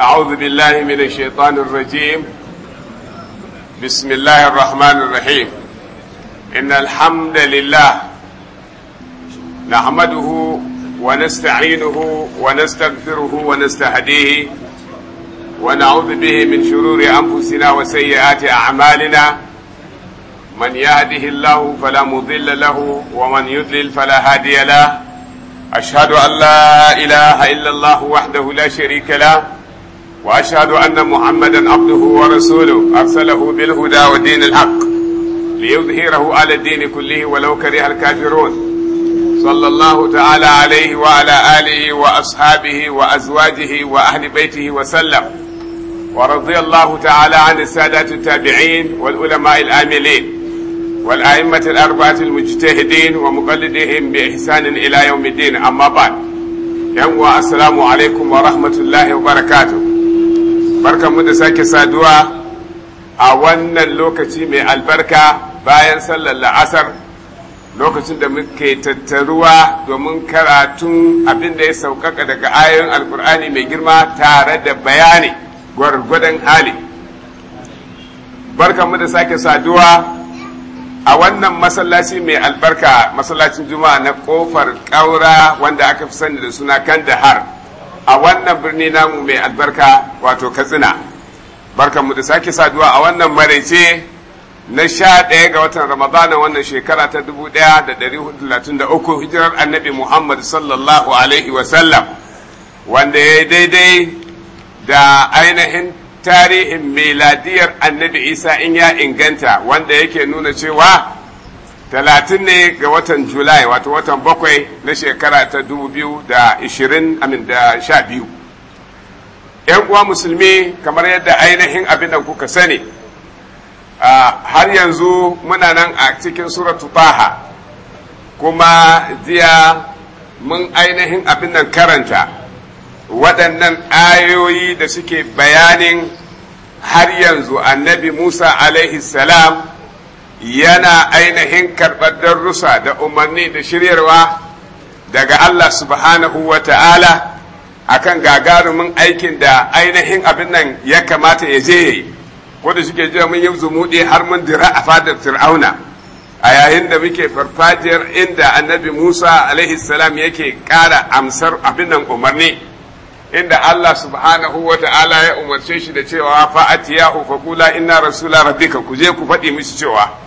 أعوذ بالله من الشيطان الرجيم بسم الله الرحمن الرحيم إن الحمد لله نحمده ونستعينه ونستغفره ونستهديه ونعوذ به من شرور أنفسنا وسيئات أعمالنا من يهده الله فلا مضل له ومن يضلل فلا هادي له أشهد أن لا إله إلا الله وحده لا شريك له وأشهد أن محمدا عبده ورسوله أرسله بالهدى ودين الحق ليظهره على الدين كله ولو كره الكافرون صلى الله تعالى عليه وعلى آله وأصحابه وأزواجه وأهل بيته وسلم ورضي الله تعالى عن السادات التابعين والعلماء الآملين والأئمة الأربعة المجتهدين ومقلدهم بإحسان إلى يوم الدين أما بعد يوم السلام عليكم ورحمة الله وبركاته mu da sake saduwa a wannan lokaci mai albarka bayan sallar la'asar lokacin da muke tattaruwa domin karatun abin da ya sauƙaƙa daga ayoyin alkur'ani mai girma tare da bayani gwargwadon hali mu da sake saduwa a wannan masallaci mai albarka masallacin juma'a na kofar ƙaura wanda aka fi sani da suna kandahar a wannan birni namu mai albarka wato katsina barkanmu da sake saduwa a wannan maraice na sha ɗaya ga watan ramadana wannan shekara ta dubu ɗaya da ɗari da uku hijirar annabi muhammad sallallahu alaihi wasallam wanda ya daidai da ainihin tarihin miladiyar annabi isa in ya inganta wanda yake nuna cewa talatin ne ga watan julai wato watan bakwai na shekara ta dubu biyu da ishirin amin da sha biyu yan uwa musulmi kamar yadda ainihin abin da kuka sani har yanzu muna nan a cikin suratu taha kuma jiya mun ainihin abin nan karanta waɗannan ayoyi da suke bayanin har yanzu annabi musa alaihi salam yana ainihin karɓar darussa da umarni da shiryarwa daga Allah subhanahu wa ta'ala akan gagarumin aikin da ainihin abin nan ya kamata ya je yi wanda suke jira mun yi zumuɗe har mun dira a fadar fir'auna a yayin da muke farfajiyar inda annabi musa alaihi salam yake ƙara amsar abin nan umarni inda allah subhanahu wa ta'ala ya umarce shi da cewa fa ya fa kula inna rasula rabbika ku je ku faɗi mishi cewa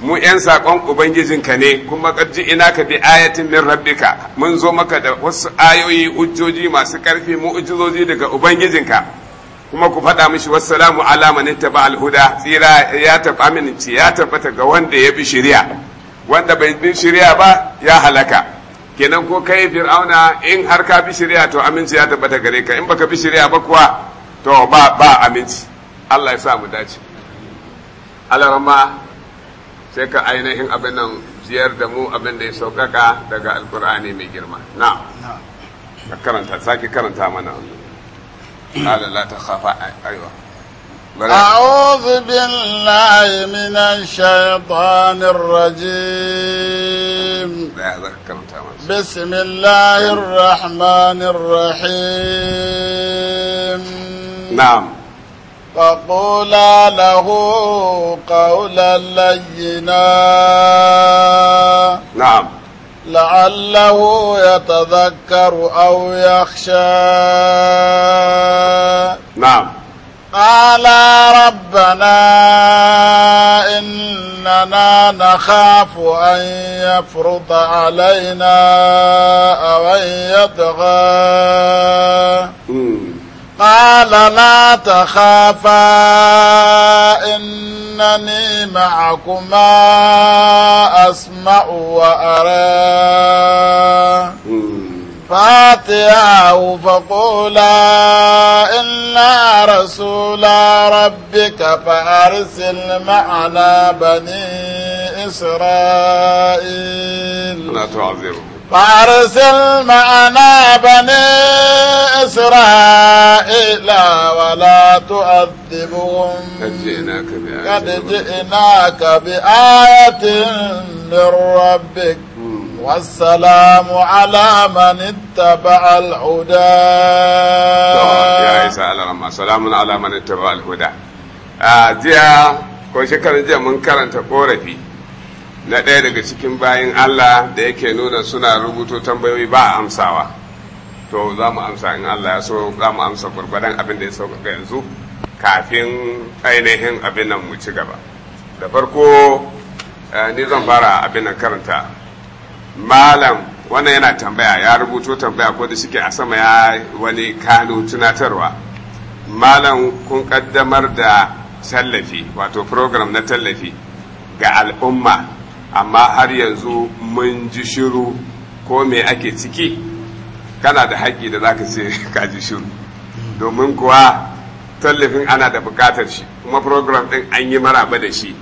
mu 'yan saƙon ubangijinka ne kuma ƙarji ina ka bi ayatin min rabbika mun zo maka da wasu ayoyi ujjoji masu ƙarfi mu'ujizoji daga ubangijinka kuma ku faɗa mishi wassalamu ala man ittaba alhuda tsira ya taɓa aminci ya tabbata ga wanda ya bi shari'a wanda bai bi shari'a ba ya halaka kenan ko kai fir'auna in har ka bi shari'a to aminci ya tabbata gare ka in baka bi shari'a ba kuwa to ba ba aminci Allah ya sa mu dace alarma sai ka ainihin abin nan ziyar da mu abin da ya sauƙaƙa daga alkur'ani mai girma na ka karanta sake karanta mana قال ta تخافا أيوة أعوذ بالله من الشيطان الرجيم بسم الله الرحمن الرحيم نعم فقولا له قولا لينا نعم لعله يتذكر أو يخشى نعم قال ربنا إننا نخاف أن يفرط علينا أو أن يطغى قال لا تخافا إنني معكما أسمع وأرى فاتياه فقولا إنا رسول ربك فأرسل معنا بني إسرائيل لا تعذبه فأرسل معنا بني إسرائيل ولا تؤذبهم قد جئناك بآية من ربك والسلام على من اتبع الهدى يا عيسى على سلام على من اتبع الهدى آه جاء ko shekarun jiya mun karanta korafi na ɗaya daga cikin bayan Allah da yake nuna suna rubuto tambayoyi ba amsawa to za mu amsa in Allah ya so za mu amsa gwargwadon abin da ya sauƙaƙa yanzu kafin ainihin abin nan mu ci gaba da farko eh, ni zan fara abin nan karanta malam wannan yana tambaya ya rubuto tambaya ko da shike a sama ya wani kano tunatarwa malam kun kaddamar da tallafi wato program na tallafi ga al'umma amma har yanzu mun ji shiru ko me ake ciki kana da haƙƙi da za ka ce ka ji shiru domin kuwa tallafin ana da buƙatar shi kuma program ɗin an yi maraba da shi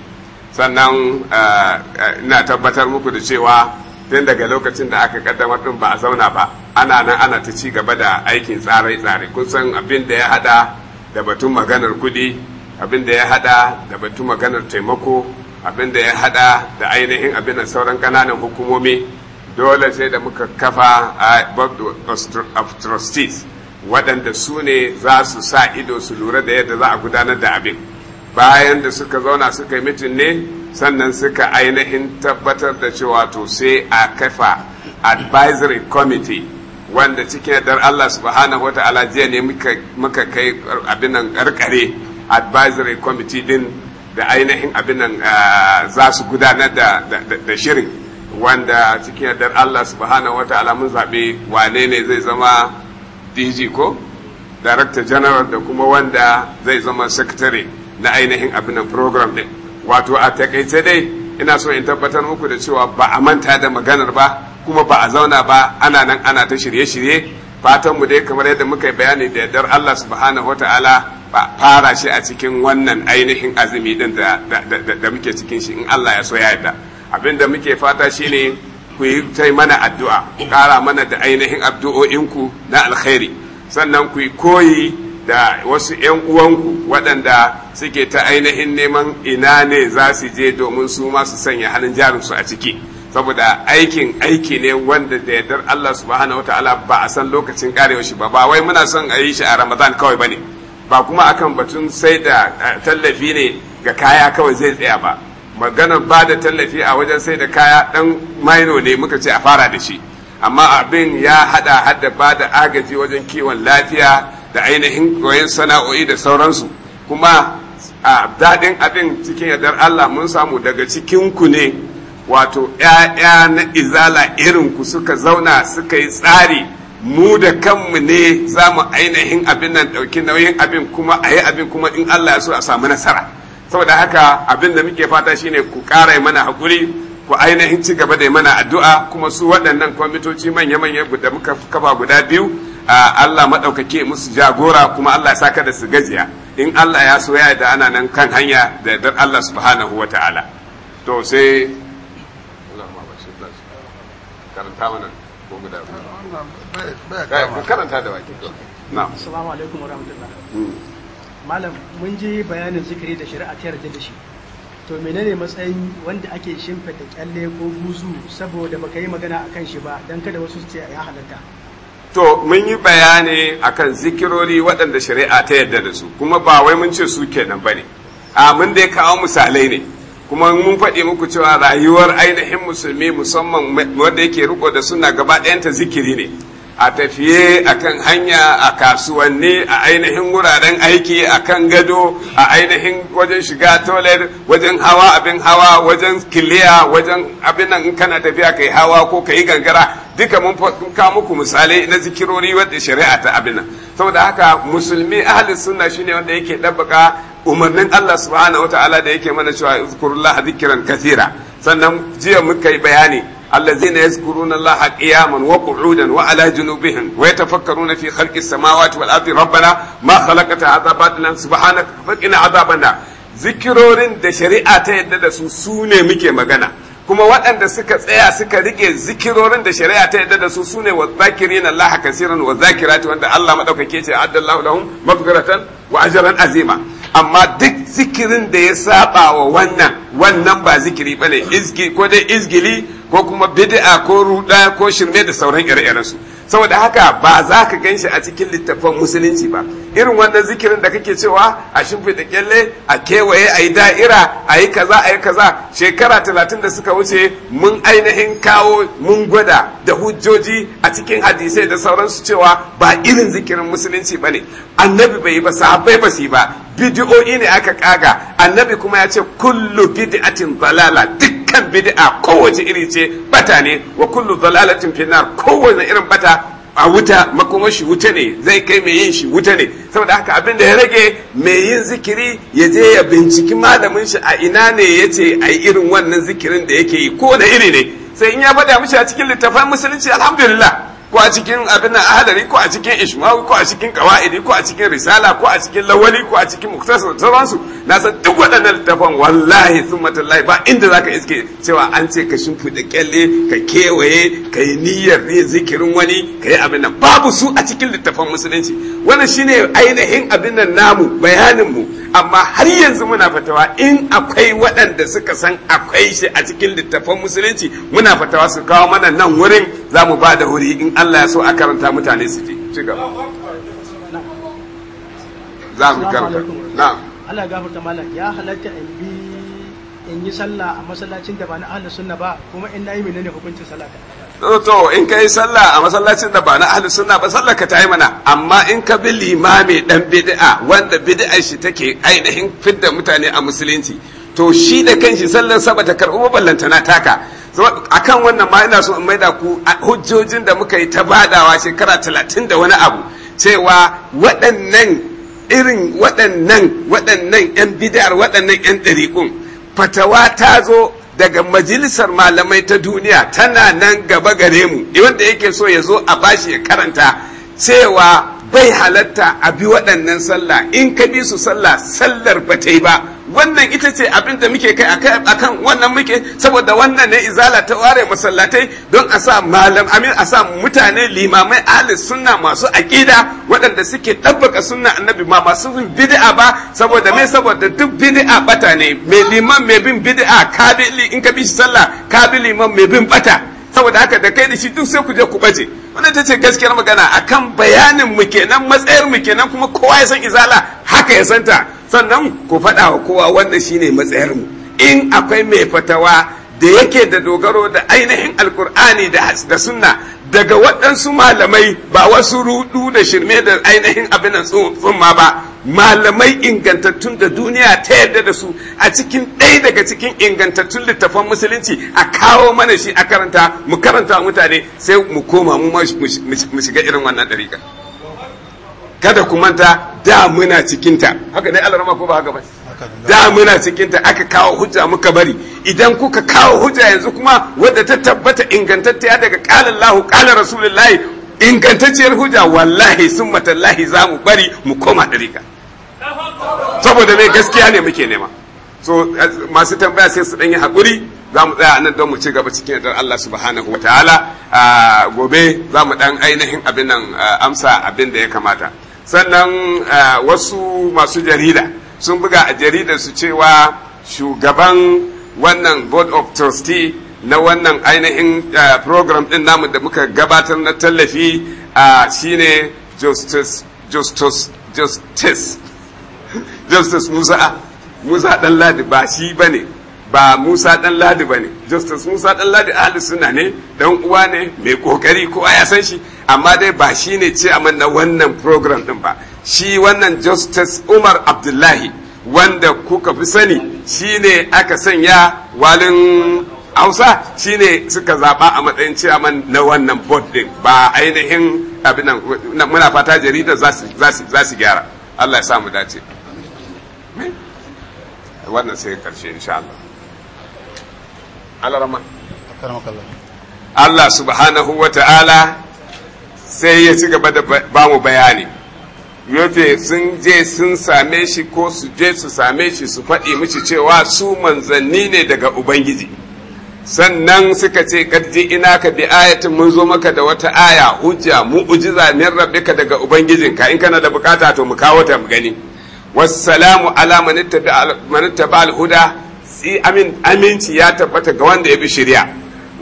sannan eh, eh, ina tabbatar muku da cewa tun daga lokacin da aka kaddamar ɗin ba a zauna ba ana nan ana ta ci gaba da aikin tsare-tsare kun san abin da ya haɗa da batun maganar kuɗi abin da ya haɗa da batun maganar taimako abin da ya hada da ainihin abin da sauran kananan hukumomi dole sai da muka kafa a board of trustees waɗanda su ne za su sa ido su lura da yadda za a gudanar da abin bayan da suka zauna suka yi mitin ne sannan suka ainihin tabbatar da cewa to sai a kafa advisory committee wanda cikin dar Allah subhanahu wa jiya ne muka kai abinan karkare advisory committee din da ainihin abin nan ah, za su gudanar da da shirin wanda cikin yardar Allah subhanahu wata'ala mun zaɓe wane ne zai zama DG ko Director General da kuma wanda zai zama Secretary na ainihin abin nan program din wato a takaice dai ina so in tabbatar muku da cewa ba a manta da maganar ba kuma ba a zauna ba ana nan ana ta shirye-shirye fatan mu dai kamar yadda muka yi bayani da yardar Allah subhanahu wataala ba fara shi a cikin wannan ainihin azumi din da muke cikin shi in Allah ya so ya yarda abin da muke fata shine ku yi ta mana addu'a ku kara mana da ainihin addu'o'inku na alkhairi sannan ku yi koyi da wasu ‘yan uwanku waɗanda suke ta ainihin neman ina ne za su je domin su masu sanya hannun jarinsu a ciki saboda aikin aiki ne wanda da yardar Allah subhanahu wa ta'ala ba a san lokacin karewa shi ba ba wai muna son a yi shi a Ramadan kawai ba ne ba kuma akan batun sai da eh, tallafi ne ga kaya kawai zai tsaya ba maganar ba da tallafi a wajen sai da kaya dan maino ne muka ce a fara da shi amma abin ya hada hada ba da agaji wajen kiwon lafiya da ainihin koyon sana'o'i da sauransu kuma a daɗin abin cikin yardar Allah mun samu daga cikinku ne wato ‘ya'ya na izala irin ku suka zauna suka yi tsari mu da kanmu ne za mu ainihin abin nan ɗauki nauyin abin kuma a yi abin kuma in Allah ya so a samu nasara saboda haka abin da muke fata shine ku ƙara mana haƙuri ku ainihin ci gaba da mana addu'a kuma su waɗannan kwamitoci manya-manya da muka kafa guda biyu Allah maɗaukake musu jagora kuma Allah ya saka da su gajiya in Allah ya so ya da ana nan kan hanya da yardar Allah subhanahu wa ta'ala to sai karanta mana ko guda karanta da baki na'am assalamu hmm. bayanin zikiri da shari'a ta yarda da shi to menene matsayin wanda ake da kyalle ko buzu saboda baka yi magana akan shi ba dan kada wasu su ce ya halatta to mun yi bayani akan zikirori waɗanda shari'a ta yarda da su kuma ba wai mun ce su kenan bane a mun dai kawo misalai ne kuma mun faɗi muku cewa rayuwar ainihin musulmi musamman wanda yake riko da suna gaba ɗayanta zikiri ne a tafiye a kan hanya a kasuwanni a ainihin wuraren aiki a kan gado a ainihin wajen shiga toilet wajen hawa abin hawa wajen kiliya wajen abin nan kana tafiya kai hawa ko kai gangara duka mun ka muku misalai na zikirori wadda shari'a ta abin nan saboda haka musulmi ahli sunna shine wanda yake dabbaka umarnin Allah subhanahu wataala da yake mana cewa zikrullah zikran kathira sannan jiya muka yi bayani الذين يذكرون الله قياما وقعودا وعلى جنوبهم ويتفكرون في خلق السماوات والارض ربنا ما خلقت هذا باطلا سبحانك فقنا عذاب النار zikirorin da shari'a ta yadda da su su ne muke magana kuma waɗanda suka tsaya suka rike zikirorin da shari'a ta yadda da su su ne wa zakirin Allah kasiran wa zakirati wanda Allah madaukake ce addallahu lahum wa azima amma duk zikirin da ya saba wa wannan wannan ba zikiri bane izgi ko dai izgili ko kuma bid'a ko ruda ko shirme da sauran ire-iren saboda haka ba za ka gan shi a cikin littattafan musulunci ba irin wannan zikirin da kake cewa a shimfiɗa kyalle a kewaye a yi da'ira a yi kaza a yi kaza shekara talatin da suka wuce mun ainihin kawo mun gwada da hujjoji a cikin hadisai da sauransu cewa ba irin zikirin musulunci ba ne annabi bai yi ba sahabbai ba su yi ba bidiyo ne aka kaga annabi kuma ya ce kullu bid'atin dalala dukkan bid'a kowace iri ce bata ne wa kullu dalalatin finnar kowace irin bata a wuta makoma shi wuta ne zai kai mai yin shi wuta ne saboda haka abin da ya rage mai yin zikiri ya je ya binciki malamin shi a ina ne ya ce a irin wannan zikirin da yake yi ko da iri ne sai in ya bada mishi a cikin littafan musulunci alhamdulillah ko a cikin abin ahalari ko a cikin ishmawi ko a cikin kawa'idi ko a cikin risala ko a cikin lawali ko a cikin muktasar da sauransu na san duk waɗannan littafan wallahi sun tallahi ba inda za ka iske cewa an ce ka shimfiɗa kyalle ka kewaye ka yi niyyar ne zikirin wani ka yi abin babu su a cikin littafan musulunci wannan shine ainihin abin nan namu bayanin mu amma har yanzu muna fatawa in akwai waɗanda suka san akwai shi a cikin littafan musulunci muna fatawa su kawo mana nan wurin za mu ba da wuri in Allah ya so a karanta mutane su ji ci gaba za mu karanta na Allah gafarta malam ya halatta in bi in yi sallah a masallacin da ba na ahlus sunna ba kuma in nayi menene hukuncin salata to in ka yi sallah a masallacin da ba na ahli sunna ba sallah ka tayi mana amma in ka bi limami dan bid'a wanda bid'a shi take ainihin fidda mutane a musulunci to shi da kanshi sallar saba ta karbu ballanta na taka akan wannan ma ina so in maida ku hujjojin da muka yi ta badawa shekara talatin da wani abu cewa waɗannan irin waɗannan waɗannan 'yan bid'ar waɗannan 'yan ɗariƙun fatawa ta zo daga majalisar malamai ta duniya tana nan gaba gare mu wanda yake so ya zo a bashi ya karanta cewa bai halatta a bi waɗannan sallah in ka bi su sallah sallar ba ta yi ba wannan ita ce abin da muke kai kan wannan muke saboda wannan ne izala ta ware masallatai don a sa malam amin a sa mutane limamai ahli sunna masu aqida waɗanda suke ɗabbaka sunna annabi ma masu bin bid'a ba saboda me saboda duk bid'a bata ne mai liman mai bin bid'a kabili in ka bi sallah kabili man mai bin bata saboda haka da kai da shi duk sai ku je ku baje wannan ta ce gaskiyar magana akan bayanin mu kenan matsayar mu kenan kuma kowa ya san izala haka ya santa sannan ku faɗa wa kowa wannan shine matsayar mu in akwai mai fatawa da yake da dogaro da ainihin alkur'ani da sunna daga waɗansu malamai ba wasu rudu da shirme da ainihin abin tsumma ba malamai ingantattun da duniya ta yarda da su a cikin ɗaya daga cikin ingantattun littafan musulunci a kawo mana shi a karanta mu karanta mutane sai mu koma mu mu shiga irin wannan ɗariƙa kada ku manta da muna cikinta haka dai alarma ko ba haka ba da muna cikinta aka kawo hujja muka bari idan kuka kawo hujja yanzu kuma wadda ta tabbata ingantacciya daga lahu kala rasulullahi ingantacciyar hujja wallahi sun matallahi za mu bari mu koma ɗarika saboda mai gaskiya ne muke nema so masu tambaya sai su ɗanyi haƙuri za mu tsaya nan don mu ci gaba cikin yadda Allah subhanahu wa ta'ala gobe za mu ɗan ainihin abin nan amsa abin da ya kamata sannan wasu masu jarida sun buga a jaridar su cewa shugaban wannan board of trustee na wannan ainihin program din namu da muka gabatar na tallafi shine justice justice justice justice musa musa dan ladi ba shi ba ba musa dan ladi ba justice musa dan ladi ahli suna ne dan uwa ne mai kokari kowa ya san shi amma dai ba shi ne ce a na wannan program din ba shi wannan justice umar abdullahi wanda kuka fi sani shi aka sanya walin hausa shi ne suka zaɓa a matsayin ciyaman na wannan board din ba ainihin abinan muna fata jaridar za su gyara allah ya samu dace wannan sai karshe insha Allah Allah subhanahu wa ta'ala sai ya ci gaba da ba mu bayani yace sun je sun same shi ko su je su same shi su faɗi mishi cewa su manzanni ne daga ubangiji sannan suka ce kadji ina ka bi ayatin mun zo maka da wata aya hujja mu'ujiza min rabbika daga ubangijinka in kana da bukata to mu kawo ta mu gani wassalamu ala manitta ba alhuda aminci ya tabbata ga wanda ya bi shirya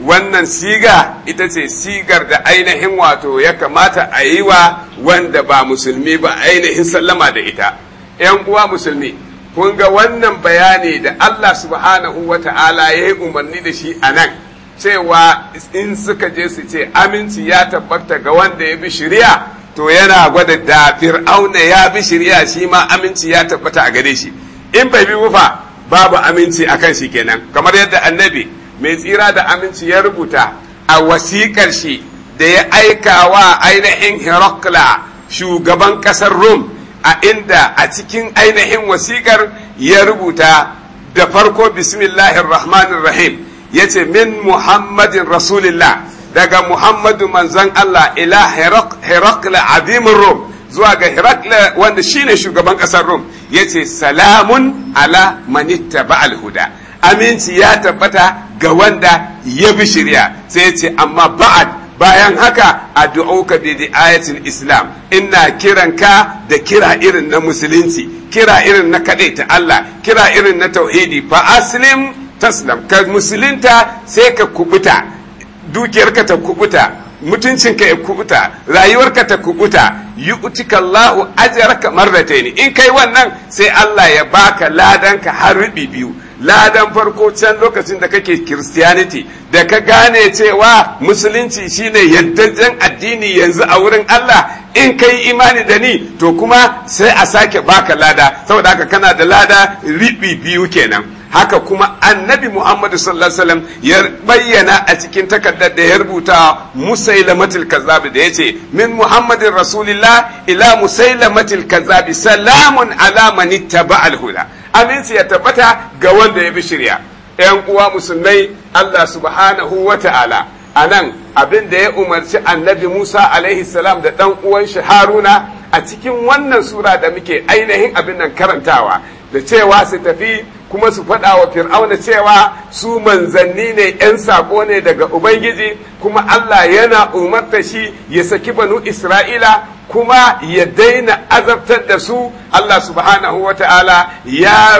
wannan siga ita ce sigar da ainihin wato ya kamata a yi wa wanda ba musulmi ba ainihin sallama da ita ‘yan uwa musulmi kun ga wannan bayani da Allah subhanahu wa ta'ala ya yi umarni da shi a nan cewa in suka je su ce aminci ya tabbata ga wanda ya bi shirya to yana gwada da fir'auna ya bi shirya shi ma aminci ya tabbata a gare shi in bai bi wufa babu aminci a kan shi kenan kamar yadda annabi mai tsira da aminci ya rubuta a wasiƙar shi da ya aika wa ainihin herakla shugaban ƙasar rom a inda a cikin ainihin wasikar ya rubuta da farko bismillahir rahmanir ya ce min muhammadin rasulillah daga Muhammadu manzan Allah ila Herakla azimin Rom zuwa ga Herakla wanda shine shugaban ƙasar Rom yace salamun ala manitta ba'al huda aminci ya tabbata ga wanda ya bi shirya sai yace amma ba'ad bayan haka addu'uka bi ayatin islam ina kiranka da kira irin na musulunci kira irin na ta Allah kira irin na tauhidi fa aslim taslam ka musulunta sai ka kubuta dukiyarka ta kubuta mutuncinka ya kubuta rayuwarka ta kubuta yu'tika Allahu ajraka marratayn in kai wannan sai Allah ya baka ladanka har rubi biyu ladan farko can lokacin da kake christianity da ka gane cewa musulunci shine yaddajen addini yanzu a wurin Allah in kai imani da ni to kuma sai a sake baka lada saboda haka kana da lada ribi biyu kenan haka kuma annabi Muhammadu sallallahu alaihi wasallam ya bayyana a cikin takardar da ya rubuta musailamatul kazzab da yace min Muhammadin rasulillah ila musailamatul kazzab salamun ala man ittaba huda amin ya tabbata ga wanda ya bi shirya yan uwa musulmai Allah subhanahu wa ta'ala anan abin da ya umarci annabi Musa alaihi salam da dan uwan shi Haruna a cikin wannan sura da muke ainihin abin nan karantawa da cewa su tafi kuma su faɗa wa fir'auna cewa su manzanni ne 'yan saƙo ne daga ubangiji kuma allah yana umarta shi ya saki banu isra'ila kuma ya daina azabtar da su allah subhanahu wa ta'ala ya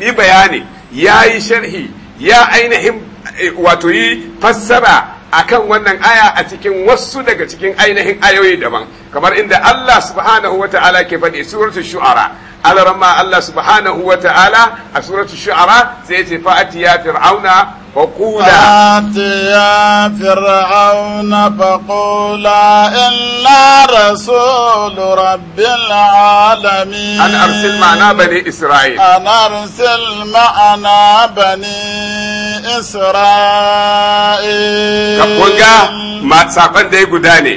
yi bayani ya yi sharhi ya ainihin eh, wato yi fassara kan wannan aya a cikin wasu daga cikin ainihin ayoyi daban kamar inda Allah subhanahu wa ta'ala ke faɗi suratul shu'ara alarma Allah subhanahu wa ta'ala a suratu shu'ara sai ce fa'ati ya fir'auna fa qula fa'ati ya fir'auna fa qula illa rasul rabbil alamin an arsil ma'ana bani isra'il an arsil ma'ana bani isra'il kun ga sakon dai guda ne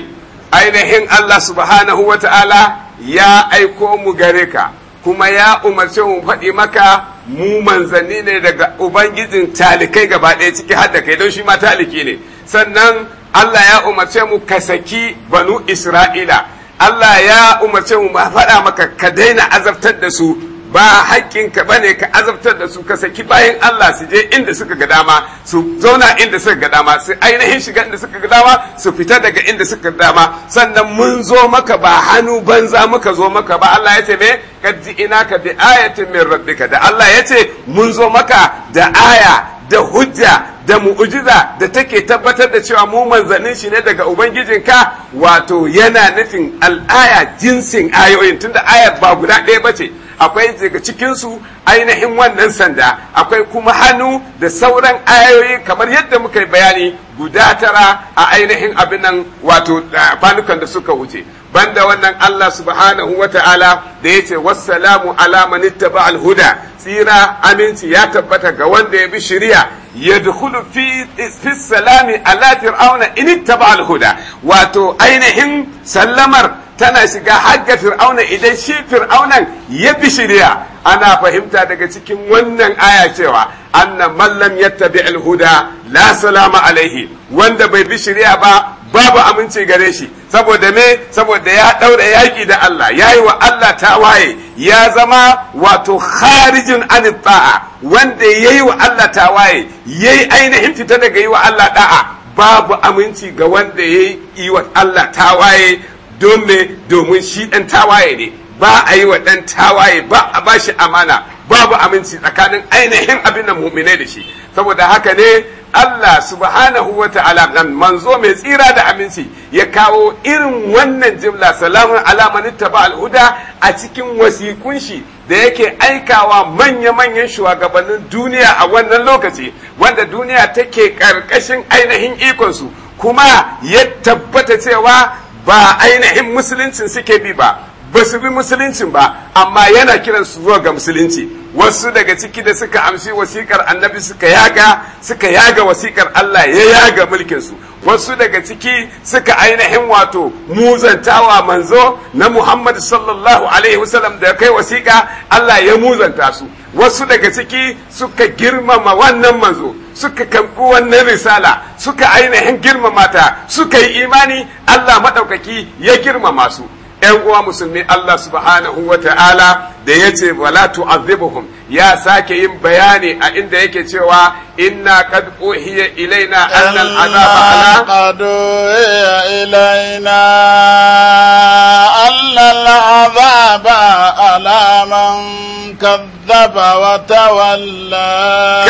ainihin Allah subhanahu wa ta'ala ya aiko mu gare ka kuma ya umarce mu faɗi maka mu manzanni ne daga ubangijin talikai gaba ɗaya ciki har da kai don shi ma taliki ne sannan Allah ya umarce mu ka saki banu Isra'ila Allah ya umarce mu ba faɗa maka ka daina azabtar da su ba haƙƙinka ba ne ka azabtar da su ka saki bayan Allah su je inda suka ga dama su zauna inda suka ga dama su ainihin shiga inda suka ga dama su fita daga inda suka ga dama sannan mun zo maka ba hannu banza muka zo maka ba Allah ya ce me ina ka bi ayatin min rabbika da Allah ya ce mun zo maka da aya da hujja da mu'ujiza da take tabbatar da cewa mu manzannin shi ne daga ubangijinka wato yana nufin al'aya jinsin ayoyin tunda aya ba guda ɗaya bace akwai daga cikinsu ainihin wannan sanda akwai kuma hannu da sauran ayoyi kamar yadda muka yi bayani guda tara a ainihin abin nan wato kwanukan da suka wuce banda wannan Allah subhanahu wa ta'ala da ya ce wassalamu ala man ittaba al-huda tsira aminci ya tabbata ga wanda ya bi shari'a yadkhulu fi fi salami ala fir'auna in ittaba al-huda wato ainihin sallamar tana shiga har fir'auna idan shi fir'aunan ya bi shirya ana fahimta daga cikin wannan aya cewa anna mallam lam yattabi al-huda la salama alaihi wanda bai bi shirya ba babu aminci gare shi saboda me saboda ya daura yaki da Allah yayi wa Allah tawaye ya zama wato kharijin an ta'a wanda yayi wa Allah tawaye yayi ainihin fita daga yi wa Allah da'a babu aminci ga wanda yayi yi wa Allah tawaye don me domin shi ɗan tawaye ne ba a yi wa ɗan tawaye ba a ba shi amana babu aminci tsakanin ainihin abin da mu'minai da shi saboda haka ne Allah subhanahu wa ta'ala nan manzo mai tsira da aminci ya kawo irin wannan jimla salamun alamanin taba al'uda a cikin wasikun shi da yake aikawa manya-manyan shugabannin duniya a wannan lokaci wanda duniya take karkashin ainihin ikonsu kuma ya tabbata cewa ba ainihin musuluncin suke bi ba ba su bi musuluncin ba amma yana kiran su zuwa ga musulunci wasu daga ciki da suka amshi wasikar annabi suka yaga suka yaga wasikar Allah ya yaga mulkin su wasu daga ciki suka ainihin wato muzantawa manzo na Muhammad sallallahu alaihi wasallam da kai wasika Allah ya muzanta su wasu daga ciki suka girmama wannan manzo suka karɓi wannan risala suka ainihin girmama ta suka yi imani Allah maɗaukaki ya girmama su ‘yan uwa musulmi Allah subhanahu wa ta'ala da ya ce wala tu'azzibuhum ya sake yin bayani a inda yake cewa ina qad uhiya ilaina annal azaba ala qad uhiya ilaina annal azaba ala man kada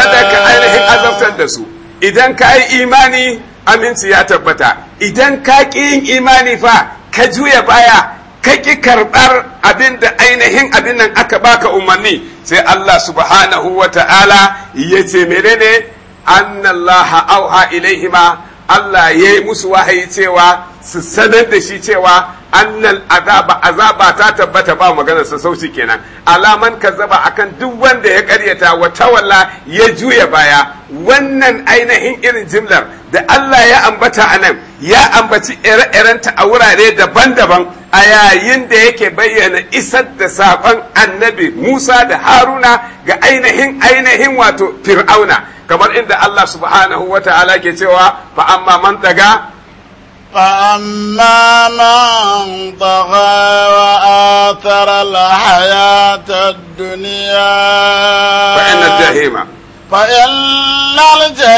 ka ainihin azabtar da su idan ka yi imani aminci ya tabbata idan ka ƙi yin imani fa ka juya baya ka ƙi karɓar abin da ainihin abin nan aka baka umarni sai Allah subhanahu wa ta'ala ya ce menene annallaha auha ilaihima Allah ya yi musu wahayi cewa su sanar da shi cewa annal azaba azaba ta tabbata ba maganar sassauci kenan alaman kazzaba akan duk wanda ya karyata wa tawalla ya juya baya wannan ainihin irin jimlar da Allah ya ambata a nan ya ambaci ire-irenta a wurare daban-daban a yayin da yake bayyana isar da safan annabi Musa da Haruna ga ainihin ainihin wato Fir'auna Kamar inda Allah subhaana huwata ala ke cewa wa fa'amma man daga. Fa'amma man ta kowa a tara la hayata duniya. Fa'in na je ma. Fa'in na je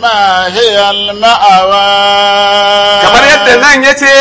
ma Kamar yadda nan yace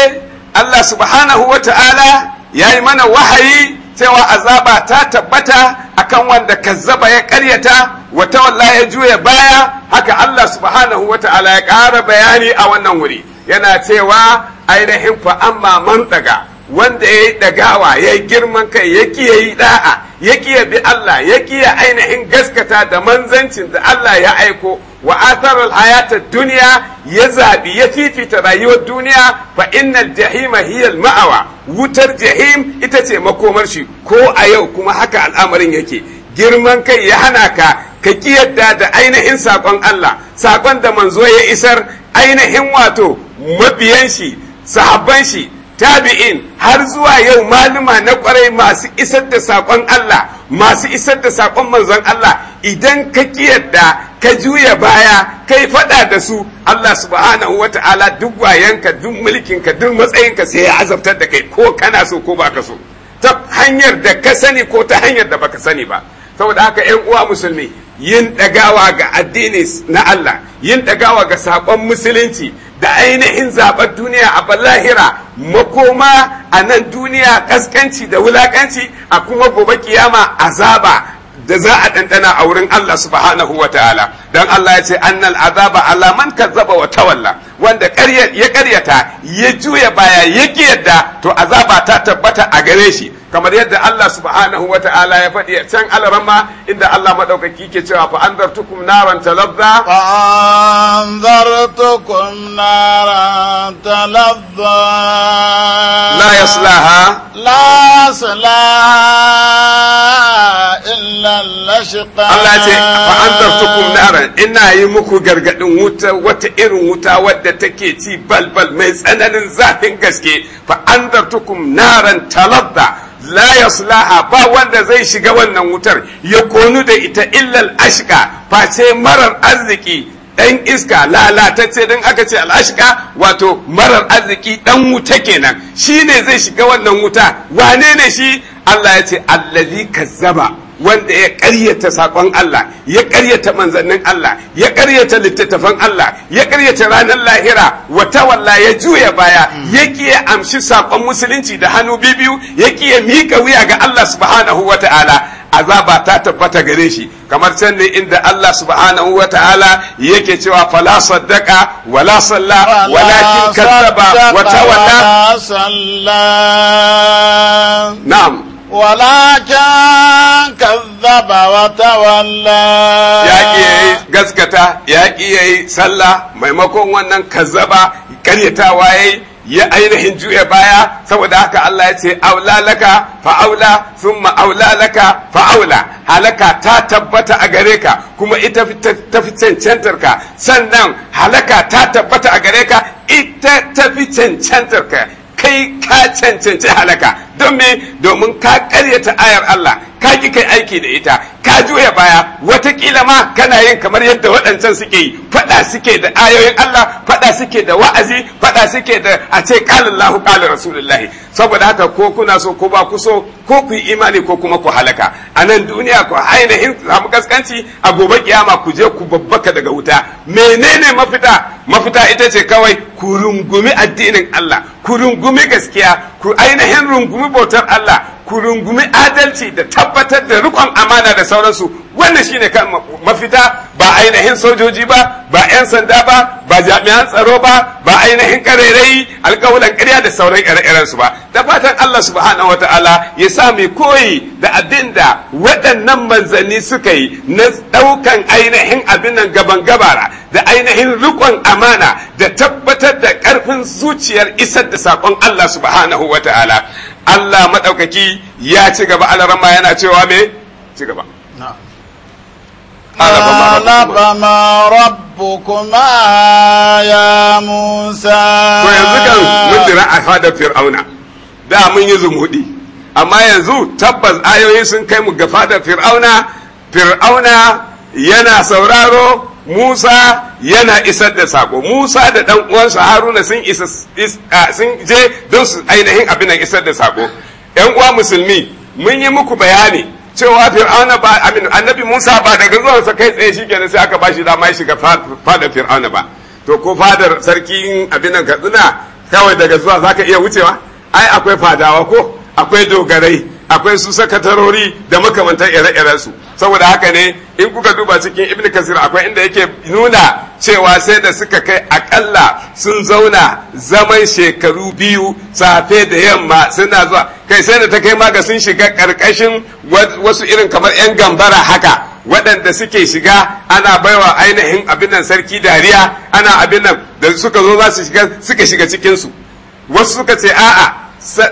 Allah subhaana huwata ala ya yi mana wahayi. cewa azaba ta tabbata akan wanda kazzaba ya karyata wata walla ya juya baya haka Allah subhanahu wata'ala ya ƙara bayani a wannan wuri yana cewa ainihin fa amma man daga wanda ya yi dagawa ya yi girman kai ya ki ya yi da'a ya kiya bi Allah ya kiya ainihin gaskata da manzancin da Allah ya aiko wa atharal hayata duniya ya zabi ya fifita rayuwar duniya fa innal jahima hiya al ma'awa wutar jahim ita ce makomar shi ko a yau kuma haka al'amarin yake girman kai ya hana ka ka kiyarda da ainihin sakon Allah sakon da manzo ya isar ainihin wato mabiyan shi sahabban shi tabi'in har zuwa yau malama na kwarai masu isar da sakon Allah masu isar da sakon manzon Allah idan ka kiyarda ka juya baya kai faɗa da su Allah subhanahu wa ta'ala duk wayanka duk ka duk matsayinka sai ya azabtar da kai ko kana so ko baka so ta hanyar da ka sani ko ta hanyar da baka sani ba saboda haka 'yan uwa musulmi yin ɗagawa ga addini na Allah yin ɗagawa ga saƙon musulunci da ainihin zaɓar duniya a ballahira, makoma a nan duniya ƙaskanci da wulaƙanci a kuma gobe kiyama azaba da za a ɗanɗana a wurin Allah subhanahu wa ta'ala don Allah ya ce annal azaba alaman man kazzaba wa tawalla wanda ya karyata ya juya baya ya yadda to azaba ta tabbata a gare shi kamar yadda Allah subhanahu wa ta'ala ya faɗi a can alarama inda Allah maɗaukaki ke cewa fa an zartukum naran talabza. fa an zartukum naran talazza la yaslaha la yaslaha Allah ce إلا لشقا ina yi muku نارا إنا wata wuta wuta wadda take ci mai tsananin zafin gaske أنا ننزاتن قسكي فأنذرتكم نارا talabba la yaslaha ba wanda zai shiga wannan wutar ya konu da ita illal ashqa face marar arziki dan iska lalatacce din aka ce al'ashika wato marar arziki dan wuta kenan shine zai shiga wannan wuta wane ne shi Allah ya ce allazi kazzaba wanda ya ƙaryata saƙon Allah ya ƙaryata manzannin Allah ya ƙaryata littattafan Allah ya ƙaryata ranar lahira wata walla ya juya baya ya kiya amshi saƙon musulunci da hannu bibiyu ya kiya miƙa wuya ga Allah subhanahu wa ta'ala azaba ta tabbata gare shi kamar can ne inda Allah subhanahu wa ta'ala yake cewa fala saddaqa wala salla walakin kazzaba wa tawalla na'am walakin kazzaba wa tawalla ya yayi gaskata ya yayi sallah maimakon wannan kazzaba karyatawa yayi ya ainihin juya baya saboda haka Allah ya ce aula laka fa aula thumma aula laka fa aula halaka ta tabbata a gare ka kuma ita ta fi cancantar ka sannan halaka ta tabbata a gare ka ita ta fi cancantar ka kai ka cancanci halaka don me domin ka karyata ayar Allah ka ki kai aiki da ita ka juya baya watakila ma kana yin kamar yadda waɗancan suke yi faɗa suke da ayoyin Allah faɗa suke da wa'azi faɗa suke da a ce qalallahu qala rasulullahi saboda haka ko kuna so ko ba ku so ko ku yi imani ko kuma ku halaka a nan duniya ku ainihin samu kaskanci a gobe kiyama ku je ku babbaka daga wuta menene mafita mafita ita ce kawai ku rungumi addinin Allah ku rungumi gaskiya ku ainihin rungumi bautar Allah ku rungumi adalci da tabbatar da rikon amana da sauransu wannan shine kan mafita ba ainihin sojoji ba ba 'yan sanda ba ba jami'an tsaro ba ba ainihin karerai alƙawulan karya da sauran ire su ba da fatan Allah subhanahu ta'ala ya sa mai koyi da abin da waɗannan manzanni suka yi na ɗaukan ainihin abin nan gaban gabara da ainihin rikon amana da tabbatar da ƙarfin zuciyar isar da saƙon Allah subhanahu ta'ala Allah maɗaukaki ya ci gaba alarama yana cewa me ci gaba. alabama kuma ah, ya musa to yanzu kan mun dira a fadar fir'auna da mun yi zumudi amma yanzu tabbas ayoyi sun kai mu ga fadar fir'auna fir'auna yana sauraro Musa yana isar da sako Musa da ɗan uwansa Haruna sun je don su ainihin abin isar da sako ‘yan uwa musulmi mun yi muku bayani cewa fir'auna ba amin annabi Musa ba daga zuwan sa kai tsaye shi kenan sai aka bashi dama ya shiga fadar fir'auna ba to ko fadar sarkin abinan katsina kawai daga zuwa za ka iya wucewa ai akwai fadawa ko akwai dogarai akwai su sakatarori da makamantar ire-iren su saboda haka ne in kuka duba cikin ibn kasir akwai inda yake nuna cewa sai da suka kai akalla sun zauna zaman shekaru biyu safe da yamma suna zuwa kai sai da ta kai ma ga sun shiga karkashin wasu irin kamar yan gambara haka waɗanda suke shiga ana baiwa ainihin abin nan sarki dariya ana abin nan da suka zo za su shiga suka shiga cikinsu wasu suka ce a'a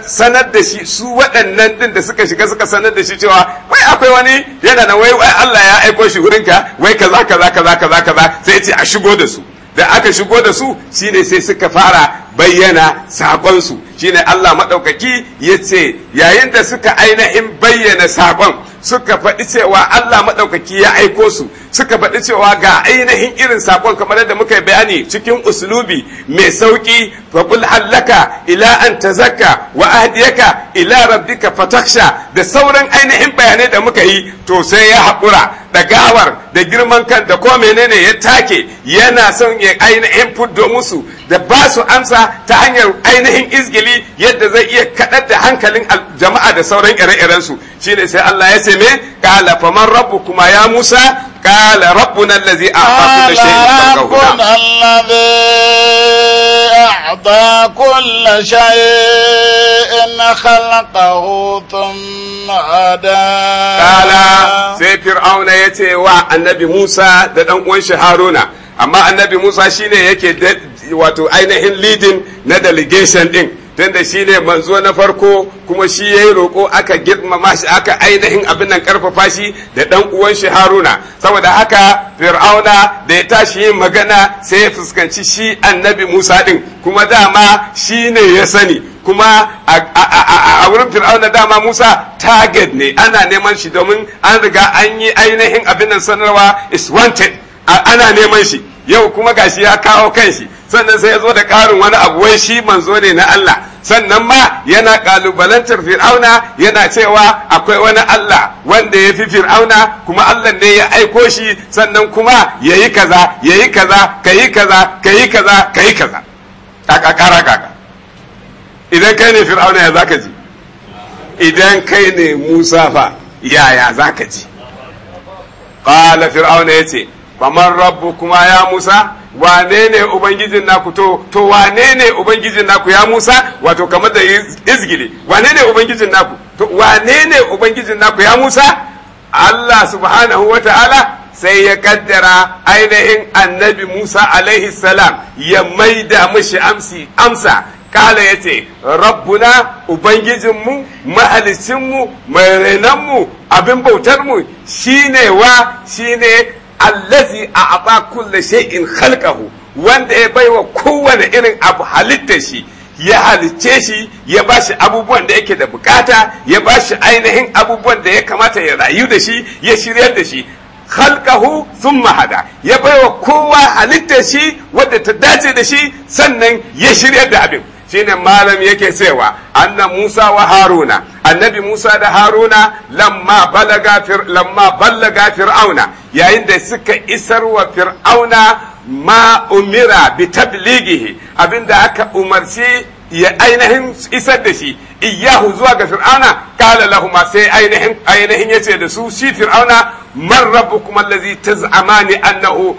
sanar da shi su waɗannan ɗin da suka shiga suka sanar da shi cewa wai akwai wani yana na wai Allah ya aiko shi wurinka wai kaza kaza kaza kaza kaza sai ce a shigo da su da aka shigo da su shine sai suka fara bayyana saƙonsu shine Allah maɗaukaki ya ce yayin da suka ainihin bayyana sakon. suka faɗi cewa Allah maɗaukaki ya aiko su suka faɗi cewa ga ainihin irin saƙon kamar yadda muka bayani cikin uslubi mai sauƙi faɓul hallaka ila an tazakka wa ahdiyaka ila rabbika fataksha da sauran ainihin bayanai da muka yi to sai ya haƙura da gawar da girman kan da ko menene ya take yana son ya ainihin fuddo musu da ba su amsa ta hanyar ainihin izgili yadda zai iya kaɗar da hankalin jama'a da sauran ire-irensu shine sai Allah ya ce me qala faman kuma ya Musa qala rabbuna allazi a'ta kulla shay'in rabbuna shay'in khalaqahu sai fir'auna yace wa annabi Musa da ɗan uwan shi Haruna amma annabi Musa shine yake wato ainihin leading na delegation din tunda shi ne manzo na farko kuma shi ya yi roƙo aka girmama shi aka ainihin abin nan karfafa shi da ɗan uwan shi haruna saboda haka fir'auna da ya tashi yin magana sai ya fuskanci shi annabi musa ɗin kuma dama shi ne ya sani kuma a wurin fir'auna dama musa target ne ana neman shi domin an riga an yi ainihin abin nan sanarwa is wanted ana neman shi yau kuma ga shi ya kawo kanshi sannan sai ya zo da ƙarin wani abu wai shi manzo ne na Allah sannan ma yana kalubalantar fir'auna yana cewa akwai wani Allah wanda ya fi fir'auna kuma Allah ne ya aiko shi sannan kuma ya yi kaza ya yi kaza ka yi kaza ka yi kaza ka yi kaza A ƙaƙaƙara kaka idan kai ne fir'auna ya zaka ji idan kai ne musa fa yaya zaka ji ƙala fir'auna ya ce faman rabu kuma ya musa wane ne ubangijin naku to to wane ne ubangijin naku ya musa wato kamar da izgili wane ne ubangijin naku to wane ne ubangijin naku ya musa allah subhanahu wa ta'ala sai ya kaddara ainihin annabi musa alaihi salam ya maida mishi amsi amsa kala ya ce rabbuna ubangijinmu mahalicinmu mai renonmu abin bautarmu shine wa shine allazi a kulli shay'in khalqahu wanda ya baiwa kowane irin abu halitta shi ya halicce shi ya bashi abubuwan da yake da bukata ya bashi ainihin abubuwan da ya kamata ya rayu da shi ya shiryar da shi khalqahu thumma hada ya baiwa kowa halitta shi wadda ta dace da shi sannan ya shiryar da abin shine malam yake cewa anna Musa wa Haruna annabi Musa da Haruna lamma balaga fir lamma balaga fir'auna yayin da suka isar wa fir'auna ma umira bi tablighihi abinda aka umarci ya ainihin isar da shi iyahu zuwa ga fir'auna kala lahuma sai ainihin ainihin yace da su shi fir'auna man ta allazi taz'amani annahu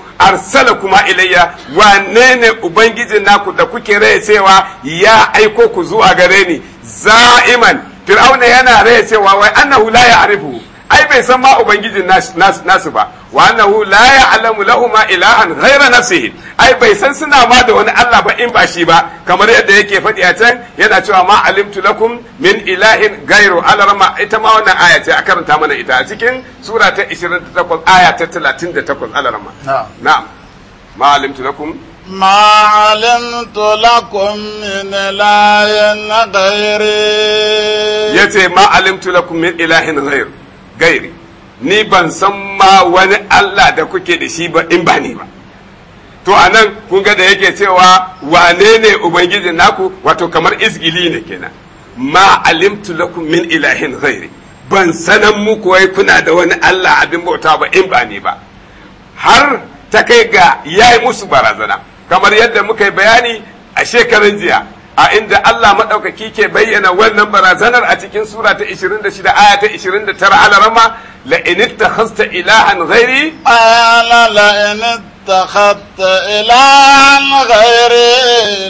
kuma ilayya wane ne ubangijin naku da kuke raye cewa ya aiko ku zuwa gare ni za'iman fir'auna yana raye cewa wai annahu la ya'rifu ai bai san ma ubangijin nasu ba wa annahu la ya'lamu lahuma ilahan ghayra nafsihi ai bai san suna ma da wani Allah ba in ba shi ba kamar yadda yake faɗi a can yana cewa ma alimtu lakum min ilahin ghayru alarma ita ma wannan aya ce a mana ita a cikin sura ta 28 aya ta 38 alarma na'am ma alimtu lakum ما علمت لكم من إله غيري يتي ما علمت لكم من إله غير غيري ni ban san ma wani Allah da kuke da shi ba in ba ni ba to a nan kun ga da yake cewa wane ne ubangiji naku wato kamar izgili ne kenan ma alimtu lakum min ilahin ghairi ban sanan mu wai kuna da wani Allah abin bauta ba in ba ni ba har ta kai ga yayi musu barazana kamar yadda muka yi bayani a shekaran jiya a inda Allah maɗaukaki ke bayyana wannan barazanar a cikin sura ta 26 aya ta 29 alarama la in ittakhasta ilahan ghairi ala la in ittakhasta ilahan ghairi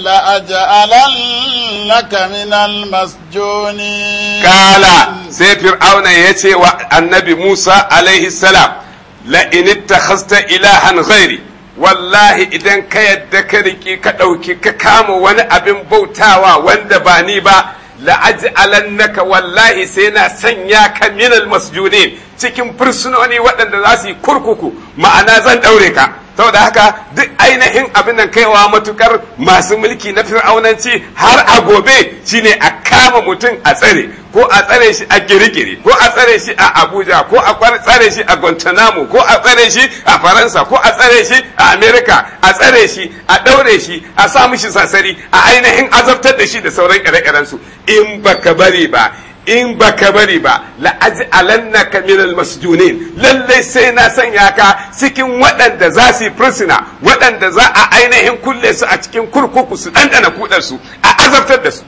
la aj'alannaka min almasjuni kala sai fir'auna yace wa annabi Musa alaihi salam la in ittakhasta ilahan ghairi wallahi idan ka yadda ka riƙe ka ɗauki ka kama wani abin bautawa wanda ba ni ba la'aj'alannaka wallahi sai na sanya ka minal masjudin cikin fursunoni waɗanda za su yi kurkuku ma'ana zan ɗaure ka da haka duk ainihin abin nan kaiwa matukar masu mulki na fir'aunanci har a gobe shine a kama mutum a tsare ko a tsare shi a girgire ko a tsare shi a abuja ko a tsare shi a guantanamo ko a tsare shi a faransa ko a tsare shi a america a tsare shi a daure shi a sa mishi sasari a ainihin azabtar da shi da sauran ire-irensu in baka bari ba in ba ka bari ba la'aj'alanna ka minal masjunin lallai sai na sanya ka cikin waɗanda za su yi fursuna waɗanda za a ainihin kulle su a cikin kurkuku su ɗanɗana kuɗarsu a azabtar da su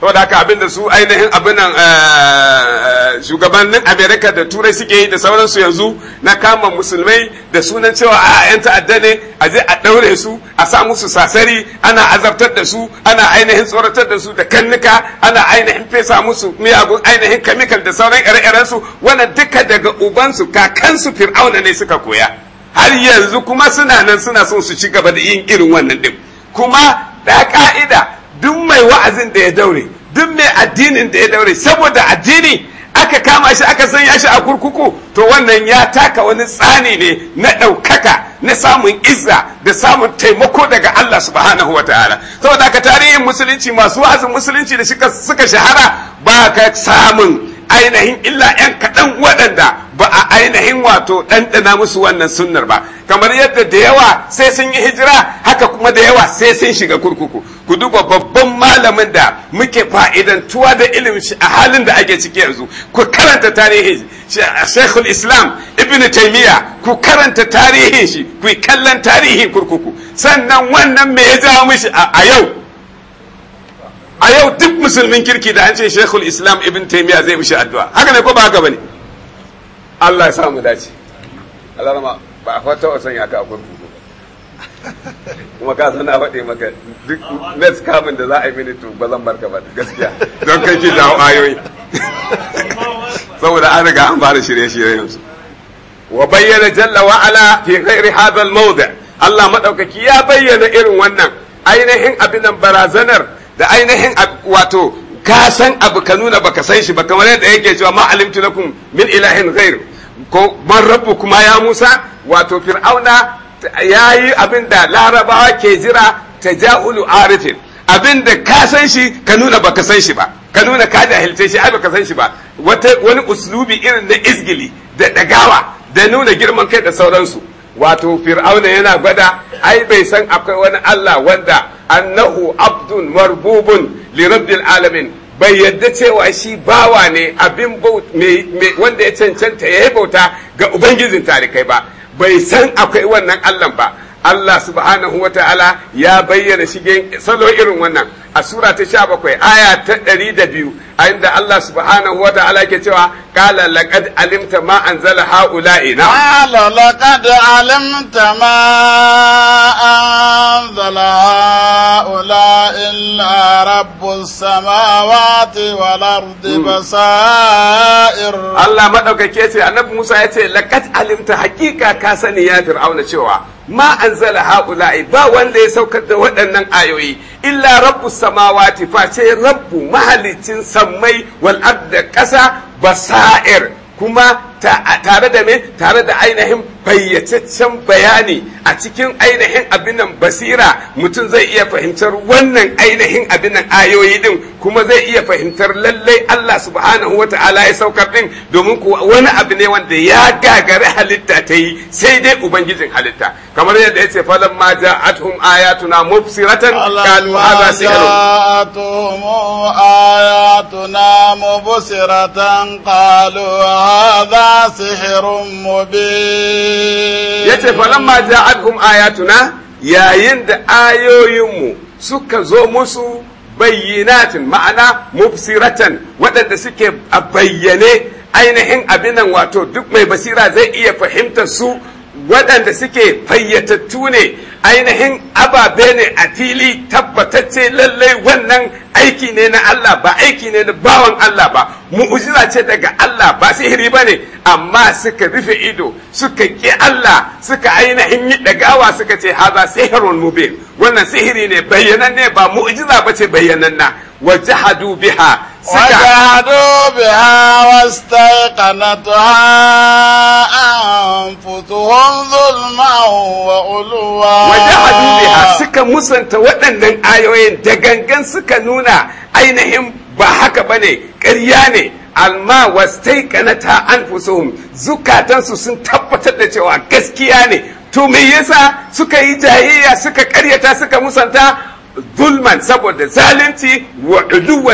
saboda haka abin da su ainihin abinan eh, shugabannin amerika da turai suke yi da sauransu yanzu na kama musulmai da sunan cewa a 'yan ta'adda ne a je a ɗaure su a sa musu sasari ana azabtar da su ana ainihin tsoratar da su da kannuka ana ainihin fesa musu miyagun ainihin kamikal da sauran ire su wannan duka daga ubansu kakansu fir'auna ne suka koya har yanzu kuma suna nan suna son su ci gaba da yin irin wannan din kuma da ka'ida duk mai wa'azin da ya daure duk mai addinin da ya daure saboda addini aka kama shi aka sanya shi a kurkuku to wannan ya taka wani tsani ne na ɗaukaka na samun izza da samun taimako daga Allah subhanahu wa ta'ala saboda ka tarihin musulunci masu wa'azin musulunci da suka shahara ba ka samun ainihin illa 'yan kaɗan waɗanda ba a ainihin wato ɗanɗana musu wannan sunnar ba kamar yadda da yawa sai sun yi hijira haka kuma da yawa sai sun shiga kurkuku ku duba babban malamin da muke fa'idantuwa da ilimin shi a halin da ake ciki yanzu ku karanta tarihin shekul islam ibn taimiyya ku karanta tarihin shi ku kallon tarihin kurkuku sannan wannan me ya jawo mishi a yau a yau duk musulmin kirki da an ce shekul islam ibn taimiyya zai mishi addu'a haka ne ko ba haka bane allah ya sa mu dace alarma ba a fata wasan ya ka akwai kuku kuma ka sana faɗe maka duk next kamun da za a yi mini to ba zan barka ba gaskiya don kai ke dawo ayoyi saboda an riga an fara shirye-shirye yanzu wa bayyana jalla wa ala fi ghairi hadha al Allah madaukaki ya bayyana irin wannan ainihin abin barazanar da ainihin wato ka san abu ka nuna baka san shi ba kamar yadda yake cewa ma alimtu lakum min ilahin ghair ko man rabbu kuma ya Musa wato fir'auna yayi abin da larabawa ke jira taja'ulu arifin abin da ka san shi ka nuna baka san shi ba ka nuna ka jahilce shi ai baka san shi ba wata wani uslubi irin na izgili da dagawa da nuna girman kai da sauransu wato fir'auna yana gwada ai bai san akwai wani Allah wanda annahu عبد marbubun li العالمين alamin bai yadda cewa shi bawa ne abin wanda ya cancanta ya yi bauta ga ubangijin tarikai ba bai san akwai wannan allan ba allah subhanahu wa ta'ala ya bayyana shi salo irin wannan a sura ta sha bakwai aya ta ɗari da biyu a inda Allah subhanahu wa ta'ala ke cewa kala laqad alimta ma anzala haula ina. kala laqad alimta ma anzala haula illa rabbus samawati wal ardi hmm. basair Allah maɗaukake ce annabi Musa ya ce laqad alimta hakika ka sani ya fir'auna cewa ma anzala haula'i ba wanda ya saukar da waɗannan ayoyi illa rabbus samawati face rabbu mahalicin sammai wal da ƙasa basair kuma tare da me tare da ainihin bayyacaccen bayani a cikin ainihin abinan basira mutum zai iya fahimtar wannan ainihin abinan ayoyi din kuma zai iya fahimtar lallai Allah subhanahu wata'ala ya saukar din domin kuwa wani abu ne wanda ya gagari halitta ta yi sai dai ubangijin halitta kamar yadda ya ce falon ma ja'atuhum ayatuna mubsiratan kalu hadha sihrun ayatuna mubsiratan hadha sihrun mubin yace falamma ja'akum ayatuna yayin da ayoyinmu suka zo musu bayyinatin ma'ana mubsiratan waɗanda suke a bayyane ainihin abinan wato duk mai basira zai iya fahimtar su waɗanda suke fayyatattu ne ainihin ababe ne a fili tabbatacce lallai wannan aiki ne na Allah ba aiki ne na bawan Allah ba mu'ujiza ce daga Allah ba sihiri ba ne amma suka rufe ido suka ƙi Allah suka ainihin yi ɗagawa suka ce haza sihirun mubin wannan sihiri ne bayyanan ne ba mu'ujiza ba ce bayyananna wa jahadu biha وجحدوا بها واستيقنتها أنفسهم ظلما وعلوا وجحدوا بها سكا مسنت waɗannan ayoyin da gangan suka nuna ainihin ba haka ba ne ƙarya ne alma an anfusuhum zukatansu sun tabbatar da cewa gaskiya ne to yasa suka yi jayayya suka ƙaryata suka musanta zulman saboda zalunci wa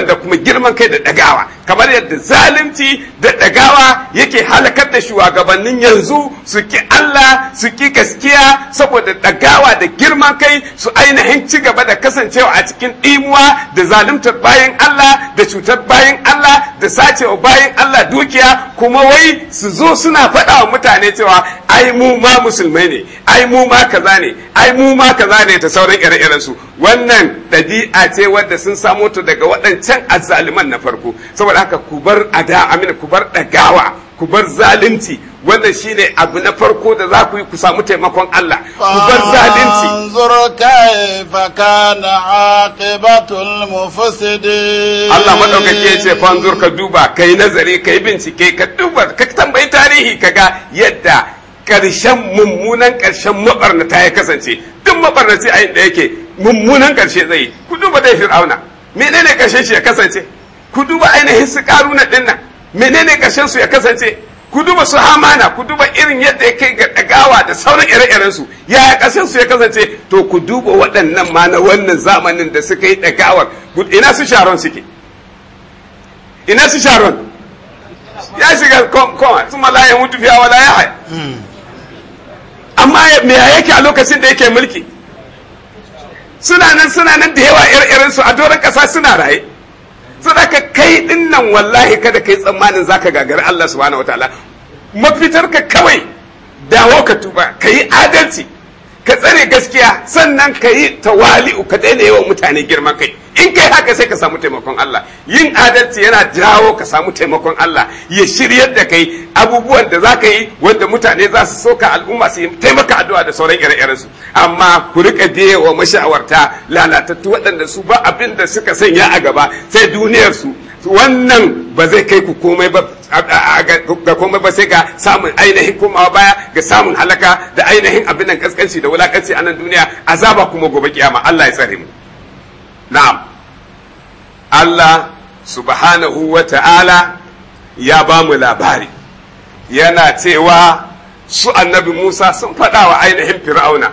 da kuma girman kai da dagawa kamar yadda zalunci da ɗagawa yake halakar da shugabannin yanzu su ki Allah su ki gaskiya saboda ɗagawa da girman kai su ainihin ci gaba da kasancewa a cikin ɗimuwa da zaluntar bayan Allah da cutar bayan Allah da sacewa bayan Allah dukiya kuma wai su zo suna faɗa wa mutane cewa ai mu ma musulmai ne ai mu ma kaza ne ai mu ma kaza ne ta sauran ire-iren su wannan ɗabi'a ce wadda sun samo ta daga waɗancan azzaluman na farko saboda haka ku bar ada amina ku bar dagawa ku bar zalunci wannan shine abu na farko da za ku yi ku samu taimakon Allah ku bar zalunci anzur kaifa kana aqibatul mufsidin Allah madaukake ya ce fanzur ka duba kai nazari kai bincike ka duba ka tambayi tarihi kaga yadda ƙarshen mummunan ƙarshen mabarnata ya kasance duk mabarnaci a yin da yake mummunan ƙarshe zai ku duba dai fir'auna menene ƙarshen shi ya kasance ku duba ainihin su karuna din nan menene ƙarshen su ya kasance ku duba su hamana ku duba irin yadda ya kai ga dagawa da sauran ire-iren su yaya ƙarshen su ya kasance to ku duba waɗannan ma na wannan zamanin da suka yi dagawar ina su sharon suke ina su sharon ya shiga koma su malayan mutu fiya wala ya haya amma me yake a lokacin da yake mulki suna nan suna nan da yawa ire-iren su a doron ƙasa suna raye sadaka kai din nan wallahi kada kai tsammanin zaka gagari Allah subhanahu wataala mafitar ka kawai dawo ka tuba kai adalci ka tsare gaskiya sannan ka yi tawali'u ka daina yawan mutane girma kai in kai haka sai ka samu taimakon Allah yin adalci yana jawo ka samu taimakon Allah ya shiryar da kai abubuwan da zaka yi wanda mutane za su soka al'umma su yi taimaka addu'a da sauran ire-iren su amma ku rika biye wa mashawarta lalatattu waɗanda su ba abin da suka sanya a gaba sai duniyar su wannan ba zai kai ku komai ba ga komai ba sai ga samun ainihin komawa baya ga samun halaka da ainihin abin nan kaskanci da wulakanci a nan duniya azaba kuma gobe kiyama Allah ya tsare mu na'am Allah subhanahu wata'ala ya ba mu labari yana cewa su annabi Musa sun faɗa wa ainihin fir'auna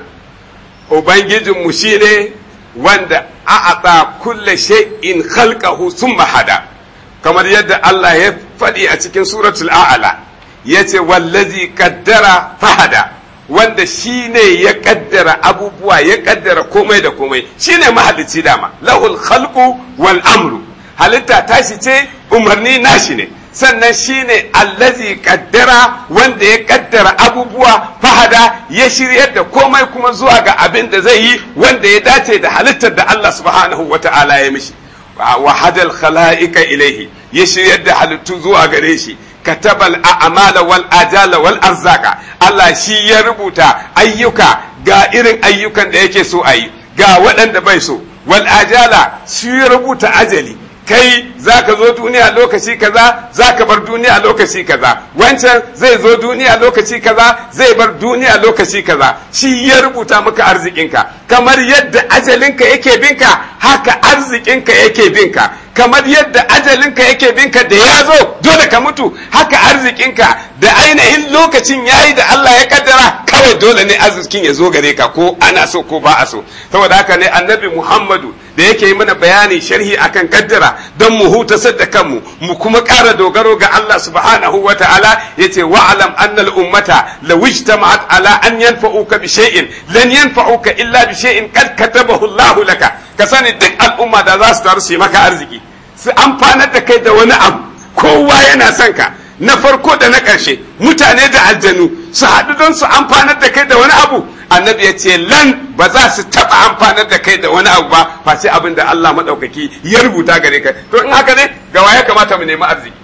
ubangijin mu shine wanda a'ata kulle shay'in khalqahu thumma hada kamar yadda Allah ya faɗi a cikin suratul a'ala ya ce wallazi kaddara fahada wanda shi ne ya kaddara abubuwa ya kaddara komai da komai shi ne mahalicci dama lahul khalqu wal amru halitta tashi ce umarni nashi ne sannan shi ne allazi kaddara wanda ya kaddara abubuwa fahada ya shiryar da komai kuma zuwa ga abin da zai yi wanda ya dace da halittar da Allah subhanahu wata'ala ya mishi wa hadal khala'ika ilaihi ya shiryar da halittu zuwa gare shi katabal a'mala wal ajala wal arzaka Allah shi ya rubuta ayyuka ga irin ayyukan da yake so ayi ga waɗanda bai so wal ajala shi ya rubuta ajali kai za ka zo duniya lokaci kaza za ka bar duniya lokaci kaza wancan zai zo duniya lokaci kaza zai bar duniya lokaci kaza shi ya rubuta maka arzikinka kamar yadda ajalinka yake binka haka arzikinka yake binka kamar yadda ajalinka yake binka da ya zo dole ka mutu haka arzikinka da ainihin lokacin ya yi da Allah ya kaddara kawai dole ne arzikin ya zo gare ka ko ana so ko ba a so saboda haka ne annabi Muhammadu da yake yi mana bayani sharhi akan kaddara don mu mu kanmu mu kuma ƙara dogaro ga Allah subhanahu wa ta'ala ya ce wa'alam annal ummata law ijtama'at ala an yanfa'uka bi shay'in lan yanfa'uka illa bi shay'in qad katabahu Allah laka ka sani duk al'umma da za su taru su yi maka arziki su amfanar da kai da wani abu kowa yana son ka na farko da na ƙarshe mutane da aljanu su haɗu don su amfanar da kai da wani abu annabi ya ce lan ba za su taɓa amfanar da kai da wani abu ba face abin da Allah maɗaukaki ya rubuta gare ka to in haka ne ga waye kamata mu nemi arziki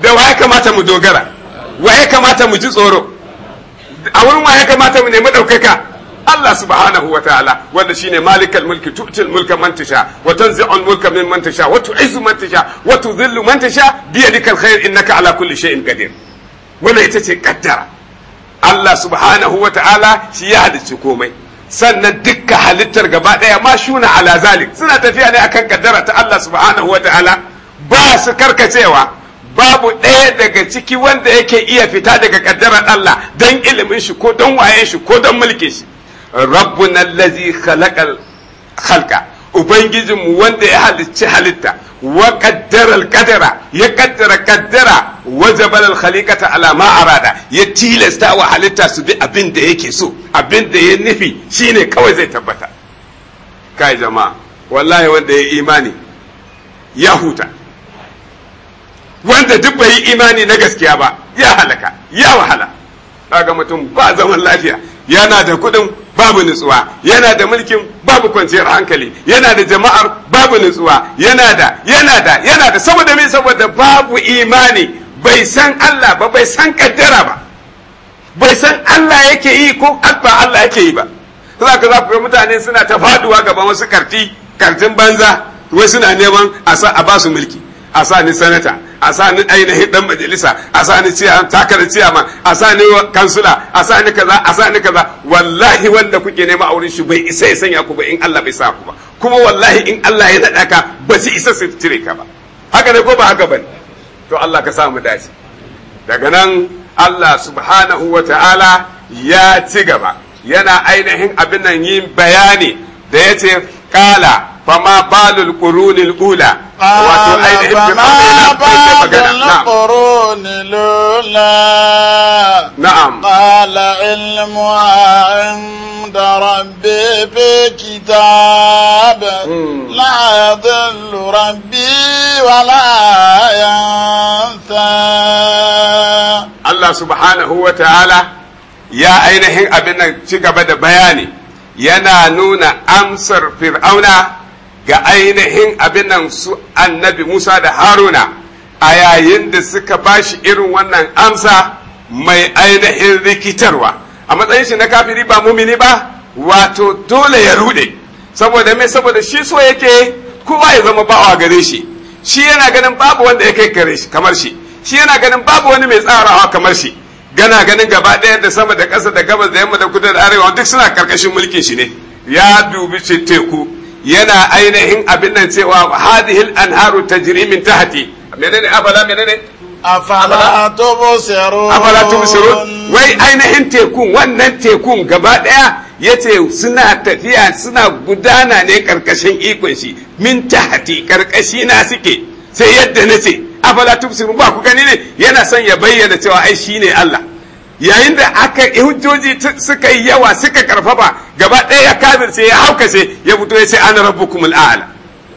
da waye kamata mu dogara waye kamata mu ji tsoro a wurin waye kamata mu nemi ɗaukaka Allah subhanahu wa ta'ala wanda shine malikal mulki tu'til mulka man tasha wa tanzi'ul mulka min man tasha wa tu'izzu man tasha wa tudhillu man tasha bi yadikal khair innaka ala kulli shay'in qadir wannan ita ce kaddara Allah subhanahu wa ta'ala shi ya halicci komai sannan dukkan halittar gaba ɗaya ma shuna ala zalik suna tafiya ne akan kaddara ta Allah subhanahu wa ta'ala ba su karkacewa babu ɗaya daga ciki wanda yake iya fita daga kaddarar Allah don ilimin shi ko don wayen shi ko don mulkin shi rabbuna allazi khalaqal khalqa ubangijinmu wanda ya halicci halitta wa qaddaral qadara ya kaddara kaddara wajabal al-khaliqata ala ma arada ya tilasta wa halitta su bi abin da yake so abin da ya nufi shine kawai zai tabbata kai jama'a wallahi wanda ya imani ya huta wanda duk bai imani na gaskiya ba ya halaka ya wahala kaga mutum ba zaman lafiya yana da kuɗin babu nutsuwa yana da mulkin babu kwanciyar hankali yana da jama'ar babu nutsuwa yana da yana da yana da saboda me saboda babu imani bai san Allah ba bai san kaddara ba bai san Allah yake yi ko ba Allah yake yi ba za ka za ku mutane suna ta faduwa gaban wasu karti kartin banza wai suna neman a sa a basu mulki a sa ni sanata a sa ni ainihin dan majalisa a sa ni ciya takarar ciyama a sa ni kansula a sa ni kaza a sa ni kaza wallahi wanda kuke nema a wurin shi bai isa ya sanya ku ba in Allah bai sa ku ba kuma wallahi in Allah ya nada ka ba zai isa su cire ka ba haka ne ko ba haka bane to Allah ka samu dace daga nan Allah subhanahu wa ta'ala ya ci gaba yana ainihin abin nan yin bayani da ya ce kala فما بال القرون الأولى قال فما بال القرون الأولى نعم قال علمها عند ربي في كتاب ولا ينفع الله سبحانه وتعالى يا ainihin abin nan ci gaba da bayani yana nuna amsar fir'auna ga ainihin abin nan su annabi Musa da Haruna a yayin da suka bashi irin wannan amsa mai ainihin rikitarwa a matsayin shi na kafiri ba mumini ba wato dole ya rude saboda me saboda shi so yake kowa ya zama bawa gare shi shi yana ganin babu wanda ya kai kare shi kamar shi shi yana ganin babu wani mai tsarawa kamar shi gana ganin gaba ɗaya da sama da ƙasa da gabas da yamma da kudu da arewa duk suna karkashin mulkin shi ne ya dubi ce teku yana ainihin abin nan cewa hadihil anharu tajri min tahti menene afala menene afala tubsirun afala tubsirun wai ainihin tekun wannan tekun gaba ɗaya ya ce suna tafiya suna gudana ne karkashin ikon shi min tahati karkashi na suke sai yadda na ce afala tubsirun ba ku gani ne yana son ya bayyana cewa ai shine Allah yayin da aka hujjoji suka yi yawa suka karfafa gaba ɗaya ya sai ya haukace ya fito ya ce ana rabbukumul a'la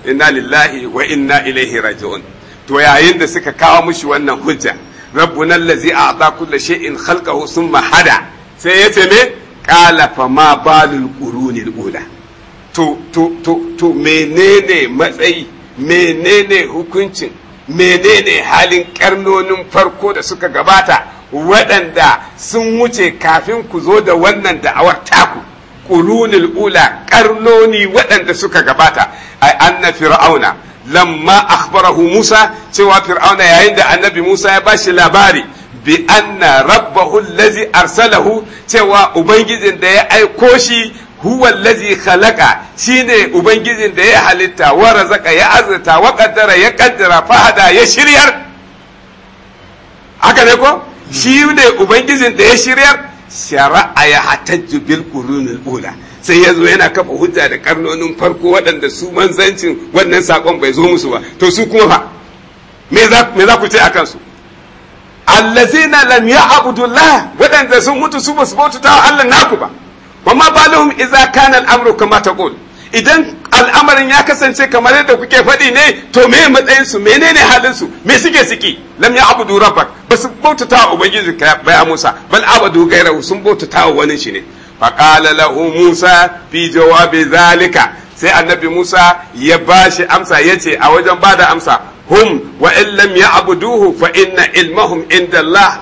inna lillahi wa inna ilaihi raji'un to yayin da suka kawo mushi wannan hujja rabbuna allazi a'ta kulli shay'in khalqahu thumma hada sai ya ce me ƙalafa ma balul ƙurunin ula to to to to menene matsayi menene hukuncin menene halin karnonin farko da suka gabata waɗanda sun wuce kafin ku zo da wannan da'awar taku ƙurunin ula karnoni waɗanda suka gabata ai anna fir'auna lamma akhbarahu musa cewa fir'auna yayin da annabi musa ya bashi labari bi anna rabbahu allazi arsalahu cewa ubangijin da ya aiko shi huwa allazi khalaqa shine ubangijin da ya halitta wa razaka ya azata wa qaddara ya qaddara hada ya shiryar haka ne ko shi ne ubangijin da ya shiryar shara'a ya hatajju bil qurunil ula sai ya yana kafa hujja da karnonin farko waɗanda su manzancin wannan sakon bai zo musu ba to su kuma fa me za ku ce a kansu allazina lam Allah wadanda sun mutu su basu bauta Allah naku ba wama baluhum idza kana al kama taqul idan al'amarin ya kasance kamar yadda kuke faɗi ne to me matsayin su menene halin su me suke siki lam ya'budu rabbak basu bauta ta ubangiji ka Musa bal abadu gairahu sun bauta ta wani shi ne qala lahu Musa fi jawabi zalika sai annabi Musa ya bashi amsa yace a wajen bada amsa hum wa in lam ya'buduhu fa inna ilmahum inda Allah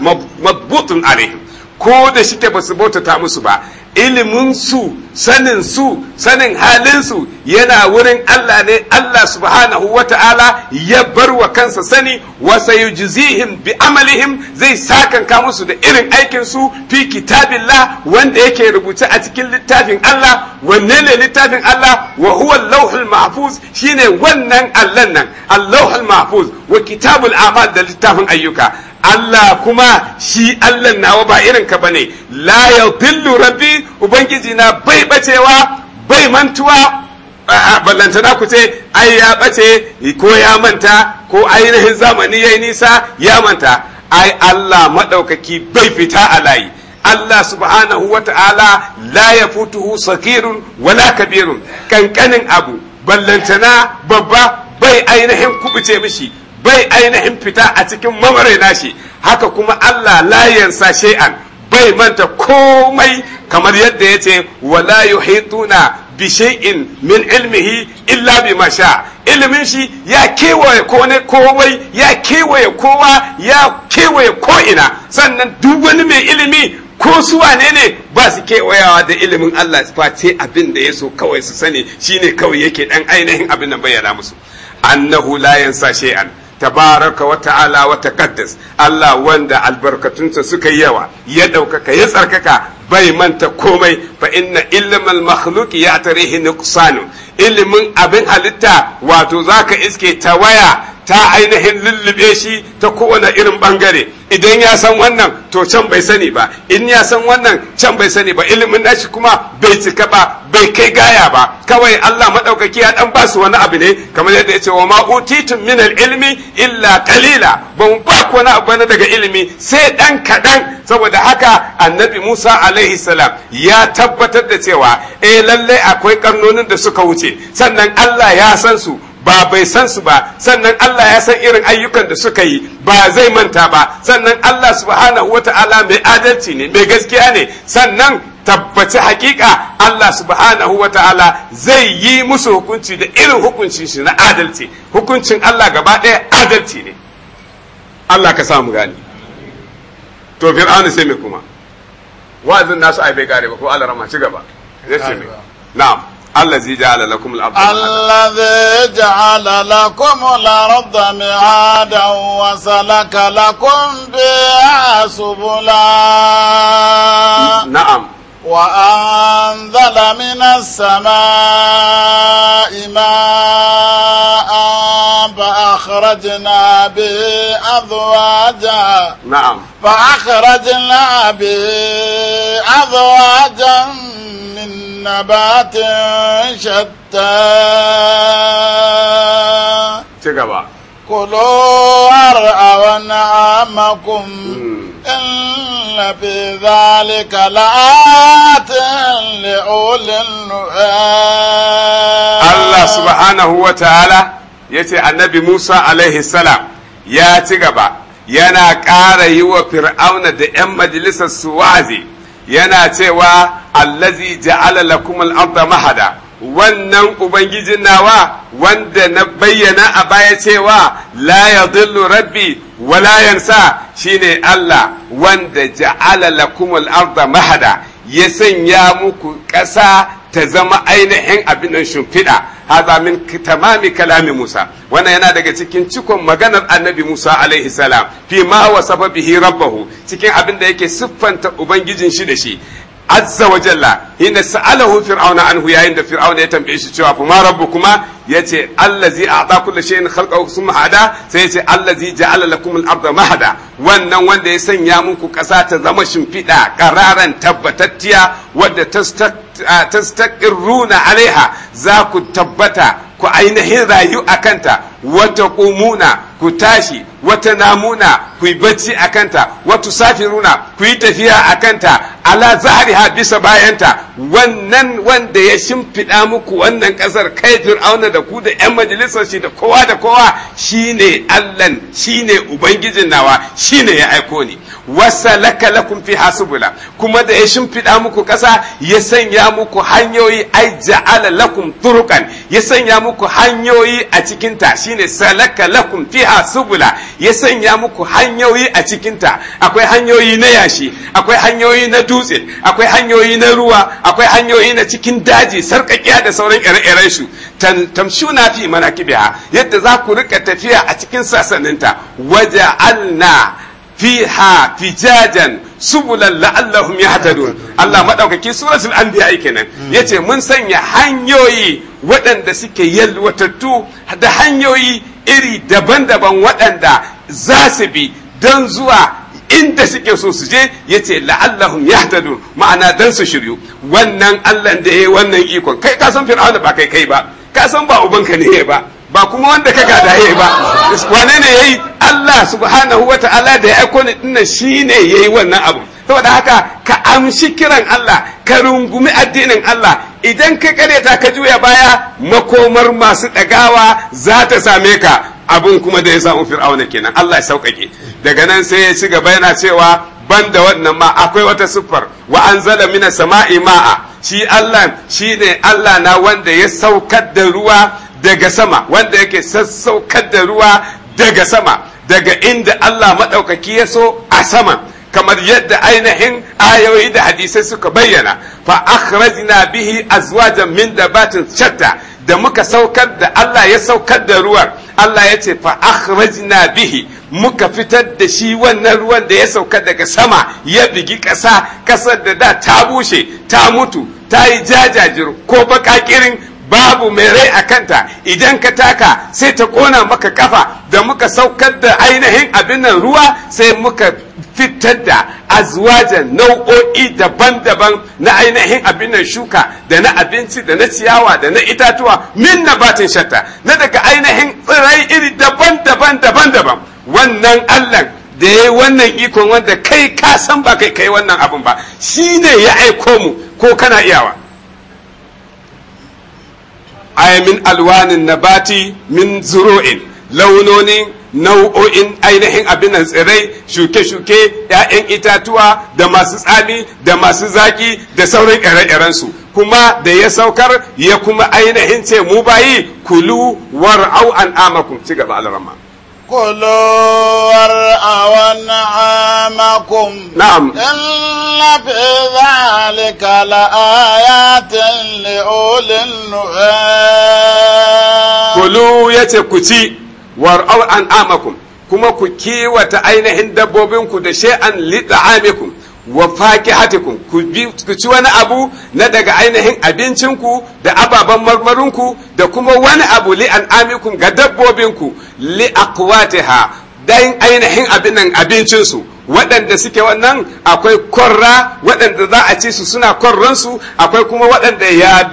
ko da shi ba su bautata musu ba ilimin su sanin su sanin halinsu yana wurin Allah ne Allah subhanahu wata'ala ya bar wa kansa sani wa sayujzihim bi amalihim zai sakanka musu da irin aikin su fi kitabillah wanda yake rubuta a cikin littafin Allah wanne ne littafin Allah wa huwa lauhul mahfuz shine wannan Allah nan al mahfuz wa kitabul amal da littafin ayyuka Allah kuma shi Allah nawa ba irin ka bane la dillu rabbi ubangiji na bai bacewa bai mantuwa ballantana ku ce ai ya bace ko ya manta ko ainihin zamani yayi nisa ya manta ai Allah madaukaki bai fita a layi Allah subhanahu wa ta'ala la ya futuhu sakirun wala kabirun kankanin abu ballantana babba bai ainihin kubuce mishi bai ainihin fita a cikin mamare nashi haka kuma Allah la yansa shay'an bai manta komai kamar yadda ya ce wala yuhituna bi shay'in min ilmihi illa bima sha ilimin shi ya kewaye komai ya kewaye kowa ya kewaye ko'ina sannan duk wani mai ilimi ko su wane ne ba su kewayawa da ilimin Allah face abin da ya so kawai su sani shine kawai yake dan ainihin abin nan bayyana musu annahu la yansa shay'an tabaraka wa ta'ala wa taqaddas Allah wanda albarkatunsa suka yi yawa ya ɗaukaka ya tsarkaka bai manta komai fa inna ilmal makhluqi ya tarihi nuqsanu ilimin abin halitta wato zaka iske tawaya ta ainihin lullube shi ta kowane irin bangare idan ya san wannan to can bai sani ba in ya san wannan can bai sani ba ilimin nashi kuma bai cika ba bai kai gaya ba kawai Allah maɗaukaki ya dan basu wani abu ne kamar yadda yace wa ma utitum min ilmi illa qalila ba mu ba ku wani abu daga ilimi sai dan kaɗan. saboda haka annabi Musa alaihi salam ya tabbatar da cewa eh lallai akwai karnonin da suka wuce sannan Allah ya san su ba bai san su ba sannan Allah ya san irin ayyukan da suka yi ba zai manta ba sannan Allah subhanahu wata'ala mai adalci ne mai gaskiya ne sannan tabbaci hakika Allah subhanahu wa ta'ala zai yi musu hukunci da irin hukuncin shi na adalci hukuncin Allah gaba ɗaya adalci ne Allah ka samu gani to fir'aunu sai me kuma wa'azin nasu ai bai gare ba ko Allah rahma ci gaba zai ce me na'am الذي جعل لكم الأرض الذي جعل لكم الأرض مهادا وسلك لكم بها سبلا نعم وأنزل من السماء ماء فأخرجنا به أزواجا نعم فأخرجنا به أزواجا من نبات شتى تقبع كلوا وارعوا نعمكم إن في ذلك لآت لأولي النهى الله سبحانه وتعالى ya ce annabi musa alaihi salam ya ci gaba yana ƙara yi wa fir'auna da 'yan majalisar su wa'azi yana cewa allazi ja'ala lakum al-ardha mahada wannan ubangijin nawa wanda na bayyana a baya cewa la yadhillu rabbi wa la yansa shine Allah wanda ja'ala lakum al-ardha mahada ya sanya muku ƙasa ta zama ainihin abin shimfiɗa hadha min tamami kalami Musa wannan yana daga cikin cikon maganar annabi Musa alaihi salam fi ma wasafa bihi rabbahu cikin abin da yake siffanta ubangijin shi da shi azza wa jalla inda sa'alahu fir'auna anhu yayin da fir'auna ya tambaye shi cewa fa ma rabbukuma yace allazi a'ta kulli shay'in khalqahu thumma hada sai yace allazi ja'ala lakum al-ardha mahada wannan wanda ya sanya muku kasa ta zama shimfiɗa ƙararan tabbatattiya wadda na alaiha za ku tabbata ku ainihin rayu a kanta wata ƙumuna ku tashi wata namuna ku yi bacci a kanta wata safiruna ku yi tafiya a kanta ala zahariha bisa bayanta wannan wanda ya shimfiɗa muku wannan ƙasar kai fir'auna da ku da 'yan majalisar shi da kowa da kowa shine allan shine ubangijin nawa shine ya aiko ni wasa laka lakum fi hasubula kuma da ya shimfiɗa muku ƙasa ya sanya muku hanyoyi ai ja'ala lakum turukan ya sanya muku hanyoyi a cikin tashi shine salaka lakum fiha subula ya sanya muku hanyoyi a cikinta akwai hanyoyi na yashi akwai hanyoyi na dutse akwai hanyoyi na ruwa akwai hanyoyi na cikin daji sarkakiya da sauran ire-iren su tamshuna fi manakibiha yadda za ku rika tafiya a cikin sassaninta waja'alna fiha fijajan subulan la'allahum yahtadun Allah madaukaki suratul anbiya kenan hmm. yace mun sanya hanyoyi waɗanda suke yalwatattu da hanyoyi iri daban-daban waɗanda za su bi don zuwa inda suke so su je yace la'allahum yahtadun ma'ana dan su shiryu wannan Allah da yayi wannan ikon kai ka san fir'auna ba kai kai ba kasan ba ba ubanka ne ba ba kuma wanda ka gada yayi ba wane ne yayi Allah subhanahu wa ta'ala da ya aiko ni dinnan shine yayi wannan abu saboda haka ka amshi kiran Allah ka rungumi addinin Allah idan ka kareta ka juya baya makomar masu dagawa za ta same ka abun kuma da ya samu fir'auna kenan Allah ya sauƙaƙe daga nan sai ya ci gaba yana cewa ban da wannan ma akwai wata siffar wa anzala mina sama'i ma'a shi Allah shi Allah na wanda ya saukar da ruwa daga sama wanda yake sassaukar da ruwa daga sama daga inda Allah maɗaukaki ya so a saman kamar yadda ainihin ayoyi da hadisai suka bayyana fa akhrajna bihi azwajan min dabatin shatta da muka saukar da Allah ya saukar da ruwan Allah ya ce fa akhrajna bihi muka fitar da shi wannan ruwan da ya sauka daga sama ya bigi ƙasa ƙasar da da ta bushe ta mutu ta yi jajajir ko baƙaƙirin babu mai rai a kanta idan ka taka sai ta kona maka kafa da muka saukar da ainihin abin nan ruwa sai muka fitar da azwajan nau'o'i daban-daban na ainihin abin nan shuka da na abinci da na ciyawa da na itatuwa min na batin shatta na daga ainihin tsirai iri daban-daban daban-daban wannan allah da ya yi wannan ikon wanda kai ka san ba kai kai wannan abin ba shi ne ya aiko mu ko kana iyawa ay min alwanin nabati min zuru'in launonin nau'o'in ainihin abin tsirrai shuke-shuke 'ya'yan itatuwa da masu tsami da masu zaki da sauran ire su kuma da ya saukar ya kuma ainihin ce mu bayi kulu war'au an amakun ci gaba alarama كلوا وارعوا انعامكم نعم إن في ذلك لآيات لأولي النهى كلوا يتكتي وارعوا انعامكم kuma ku kiwata ainihin dabbobinku da sha'an li'amikum wa hatikun ku ci wani abu na daga ainihin abincinku da ababen marmarinku da kuma wani abu li amikun ga dabbobinku li ha dan ainihin abin abincinsu waɗanda suke wannan akwai korra waɗanda za a ci su suna korransu akwai kuma waɗanda ya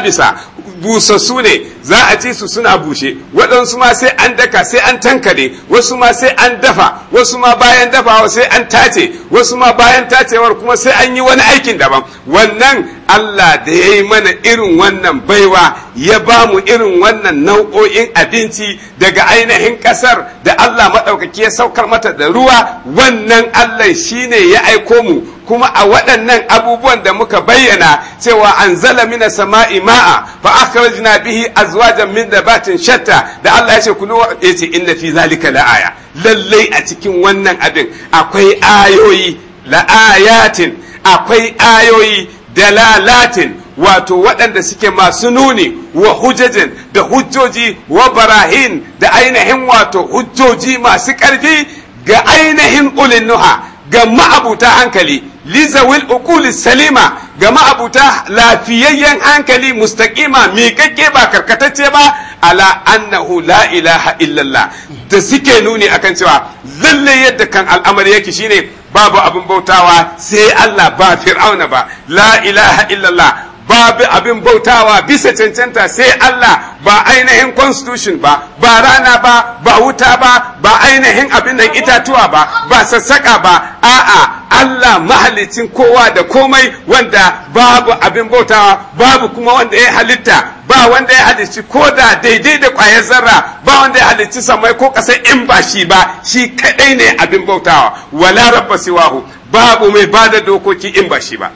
bisa busassu ne za a ci su suna bushe waɗansu ma sai an daka sai an tankare wasu ma sai an dafa wasu ma bayan dafawa sai an tace wasu ma bayan tacewar kuma sai an yi wani aikin daban wannan Allah da ya yi mana irin wannan baiwa ya ba mu irin wannan nau'o'in abinci daga ainihin ƙasar da Allah maɗaukaki ya saukar mata da ruwa wannan Allah shine ya aiko mu kuma a waɗannan abubuwan da muka bayyana cewa an zala mina sama'i ma'a fa akhrajna bihi azwajan min dabatin shatta da Allah ya ce kulu ya ce inna fi zalika la'aya lallai a cikin wannan abin akwai ayoyi la'ayatin akwai ayoyi dalalatin wato waɗanda suke masu nuni wa hujajin da hujjoji wa barahin da ainihin wato hujjoji masu ƙarfi ga ainihin ulin nuha ga ma'abuta hankali lizawil ukuli salima ga ma'abuta lafiyayyen hankali mustaqima miƙaƙƙe ba karkatacce ba ala annahu la ilaha illallah da suke nuni akan cewa lalle yadda kan al'amari yake shine babu abin bautawa sai Allah ba fir'auna ba la ilaha illallah babu abin bautawa bisa cancanta sai Allah ba ainihin constitution ba ba rana ba ba wuta ba ba ainihin abin da itatuwa ba ba sassaka ba a'a Allah mahalicin kowa da komai wanda babu abin bautawa babu kuma wanda ya halitta ba wanda ya halicci ko da daidai da kwayar zarra ba wanda ya halicci samai ko kasai in ba shi ba shi kadai ne abin bautawa wala rabba siwahu babu mai bada dokoki in ba shi ba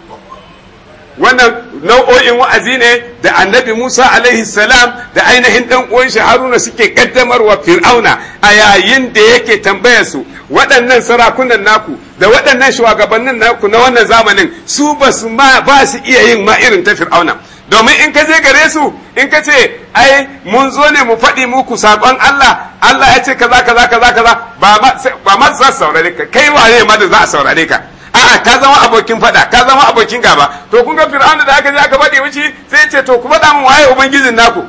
wannan nau'o'in wa'azi ne da annabi Musa alaihi salam da ainihin dan uwan shi Haruna suke kaddamarwa Fir'auna a yayin da yake tambayar su waɗannan sarakunan naku da waɗannan shugabannin naku na wannan zamanin su ba su ma ba su iya yin ma irin ta Fir'auna domin in ka je gare su in ka ce ai mun zo ne mu faɗi muku saƙon Allah Allah ya ce kaza kaza kaza kaza ba ma za su saurare ka kai waye ma da za a saurare ka a'a ka zama abokin fada ka zama abokin gaba to kun ga fir'auna da aka je aka bade wuce sai ce to ku faɗa min waye ubangijin naku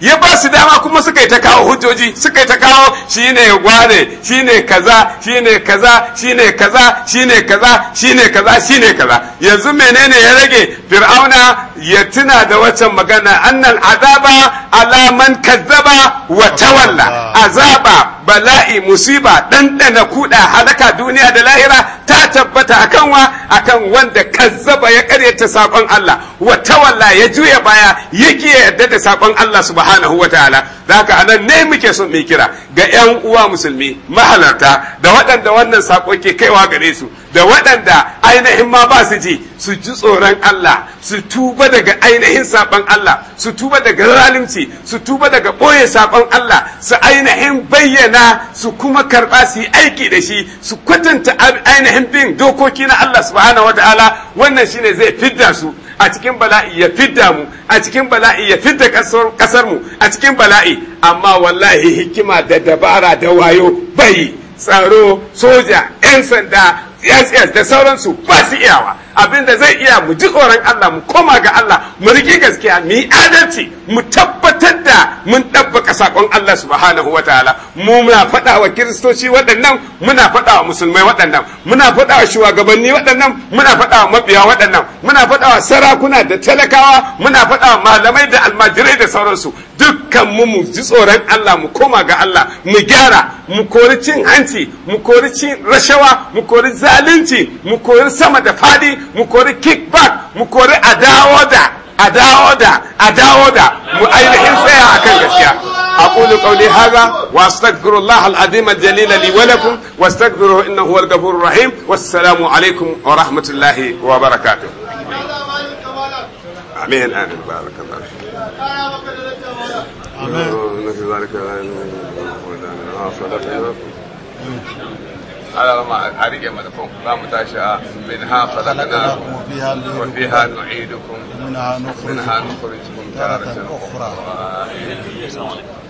ya ba su dama kuma suka yi ta kawo hujjoji suka yi ta kawo shine gware shine kaza shine kaza shine kaza shine kaza shine kaza shine kaza yanzu menene ya rage fir'auna ya tuna da waccan magana annal azaba ala man kazzaba wa tawalla azaba bala'i musiba dandana kuda halaka duniya da lahira ta tabbata akan wa akan wanda kazzaba ya karyata sakon Allah wa tawalla ya juya baya yake yarda da sakon Allah subhanahu wataala zaka anan ne muke son mai kira ga yan uwa musulmi mahalarta da waɗanda wannan sako ke kaiwa gare su da waɗanda ainihin ma ba su ji su ji tsoron Allah su tuba daga ainihin saban Allah su tuba daga zalunci su tuba daga ɓoye saban Allah su ainihin bayyana su kuma karɓa su yi aiki da shi su kwatanta ainihin bin dokoki na Allah subhanahu wataala wannan shine zai fidda su a cikin bala'i ya fidda mu a cikin bala'i ya fidda kasar mu a cikin bala'i amma wallahi hikima da dabara da wayo bai tsaro soja 'yan sanda yes yes da sauransu ba su iyawa abinda zai iya mu ji tsoron Allah mu koma ga Allah mu riki gaskiya mu yi adalci mu tabbatar da mun ɗabbaka sakon Allah subhanahu wa ta'ala mu muna faɗa wa kiristoci waɗannan muna faɗa wa musulmai waɗannan muna faɗa wa shugabanni waɗannan muna faɗa wa mabiya waɗannan muna faɗa wa sarakuna da talakawa muna faɗa wa malamai da almajirai da sauransu dukkan mu mu ji tsoron Allah mu koma ga Allah mu gyara mu kori cin hanci mu kori cin rashawa mu kori zalunci mu kori sama da fadi mu كيك kickback mu kori a dawo da a dawo da mu ainihin tsaya gaskiya أقول قولي هذا وأستغفر الله العظيم الجليل لي ولكم واستغفره إنه هو الغفور الرحيم والسلام عليكم ورحمة الله وبركاته آمين آمين بارك الله آمين على ما أرجع ملكم لا متاشاء منها خلقناكم وفيها نعيدكم منها نخرجكم تارة أخرى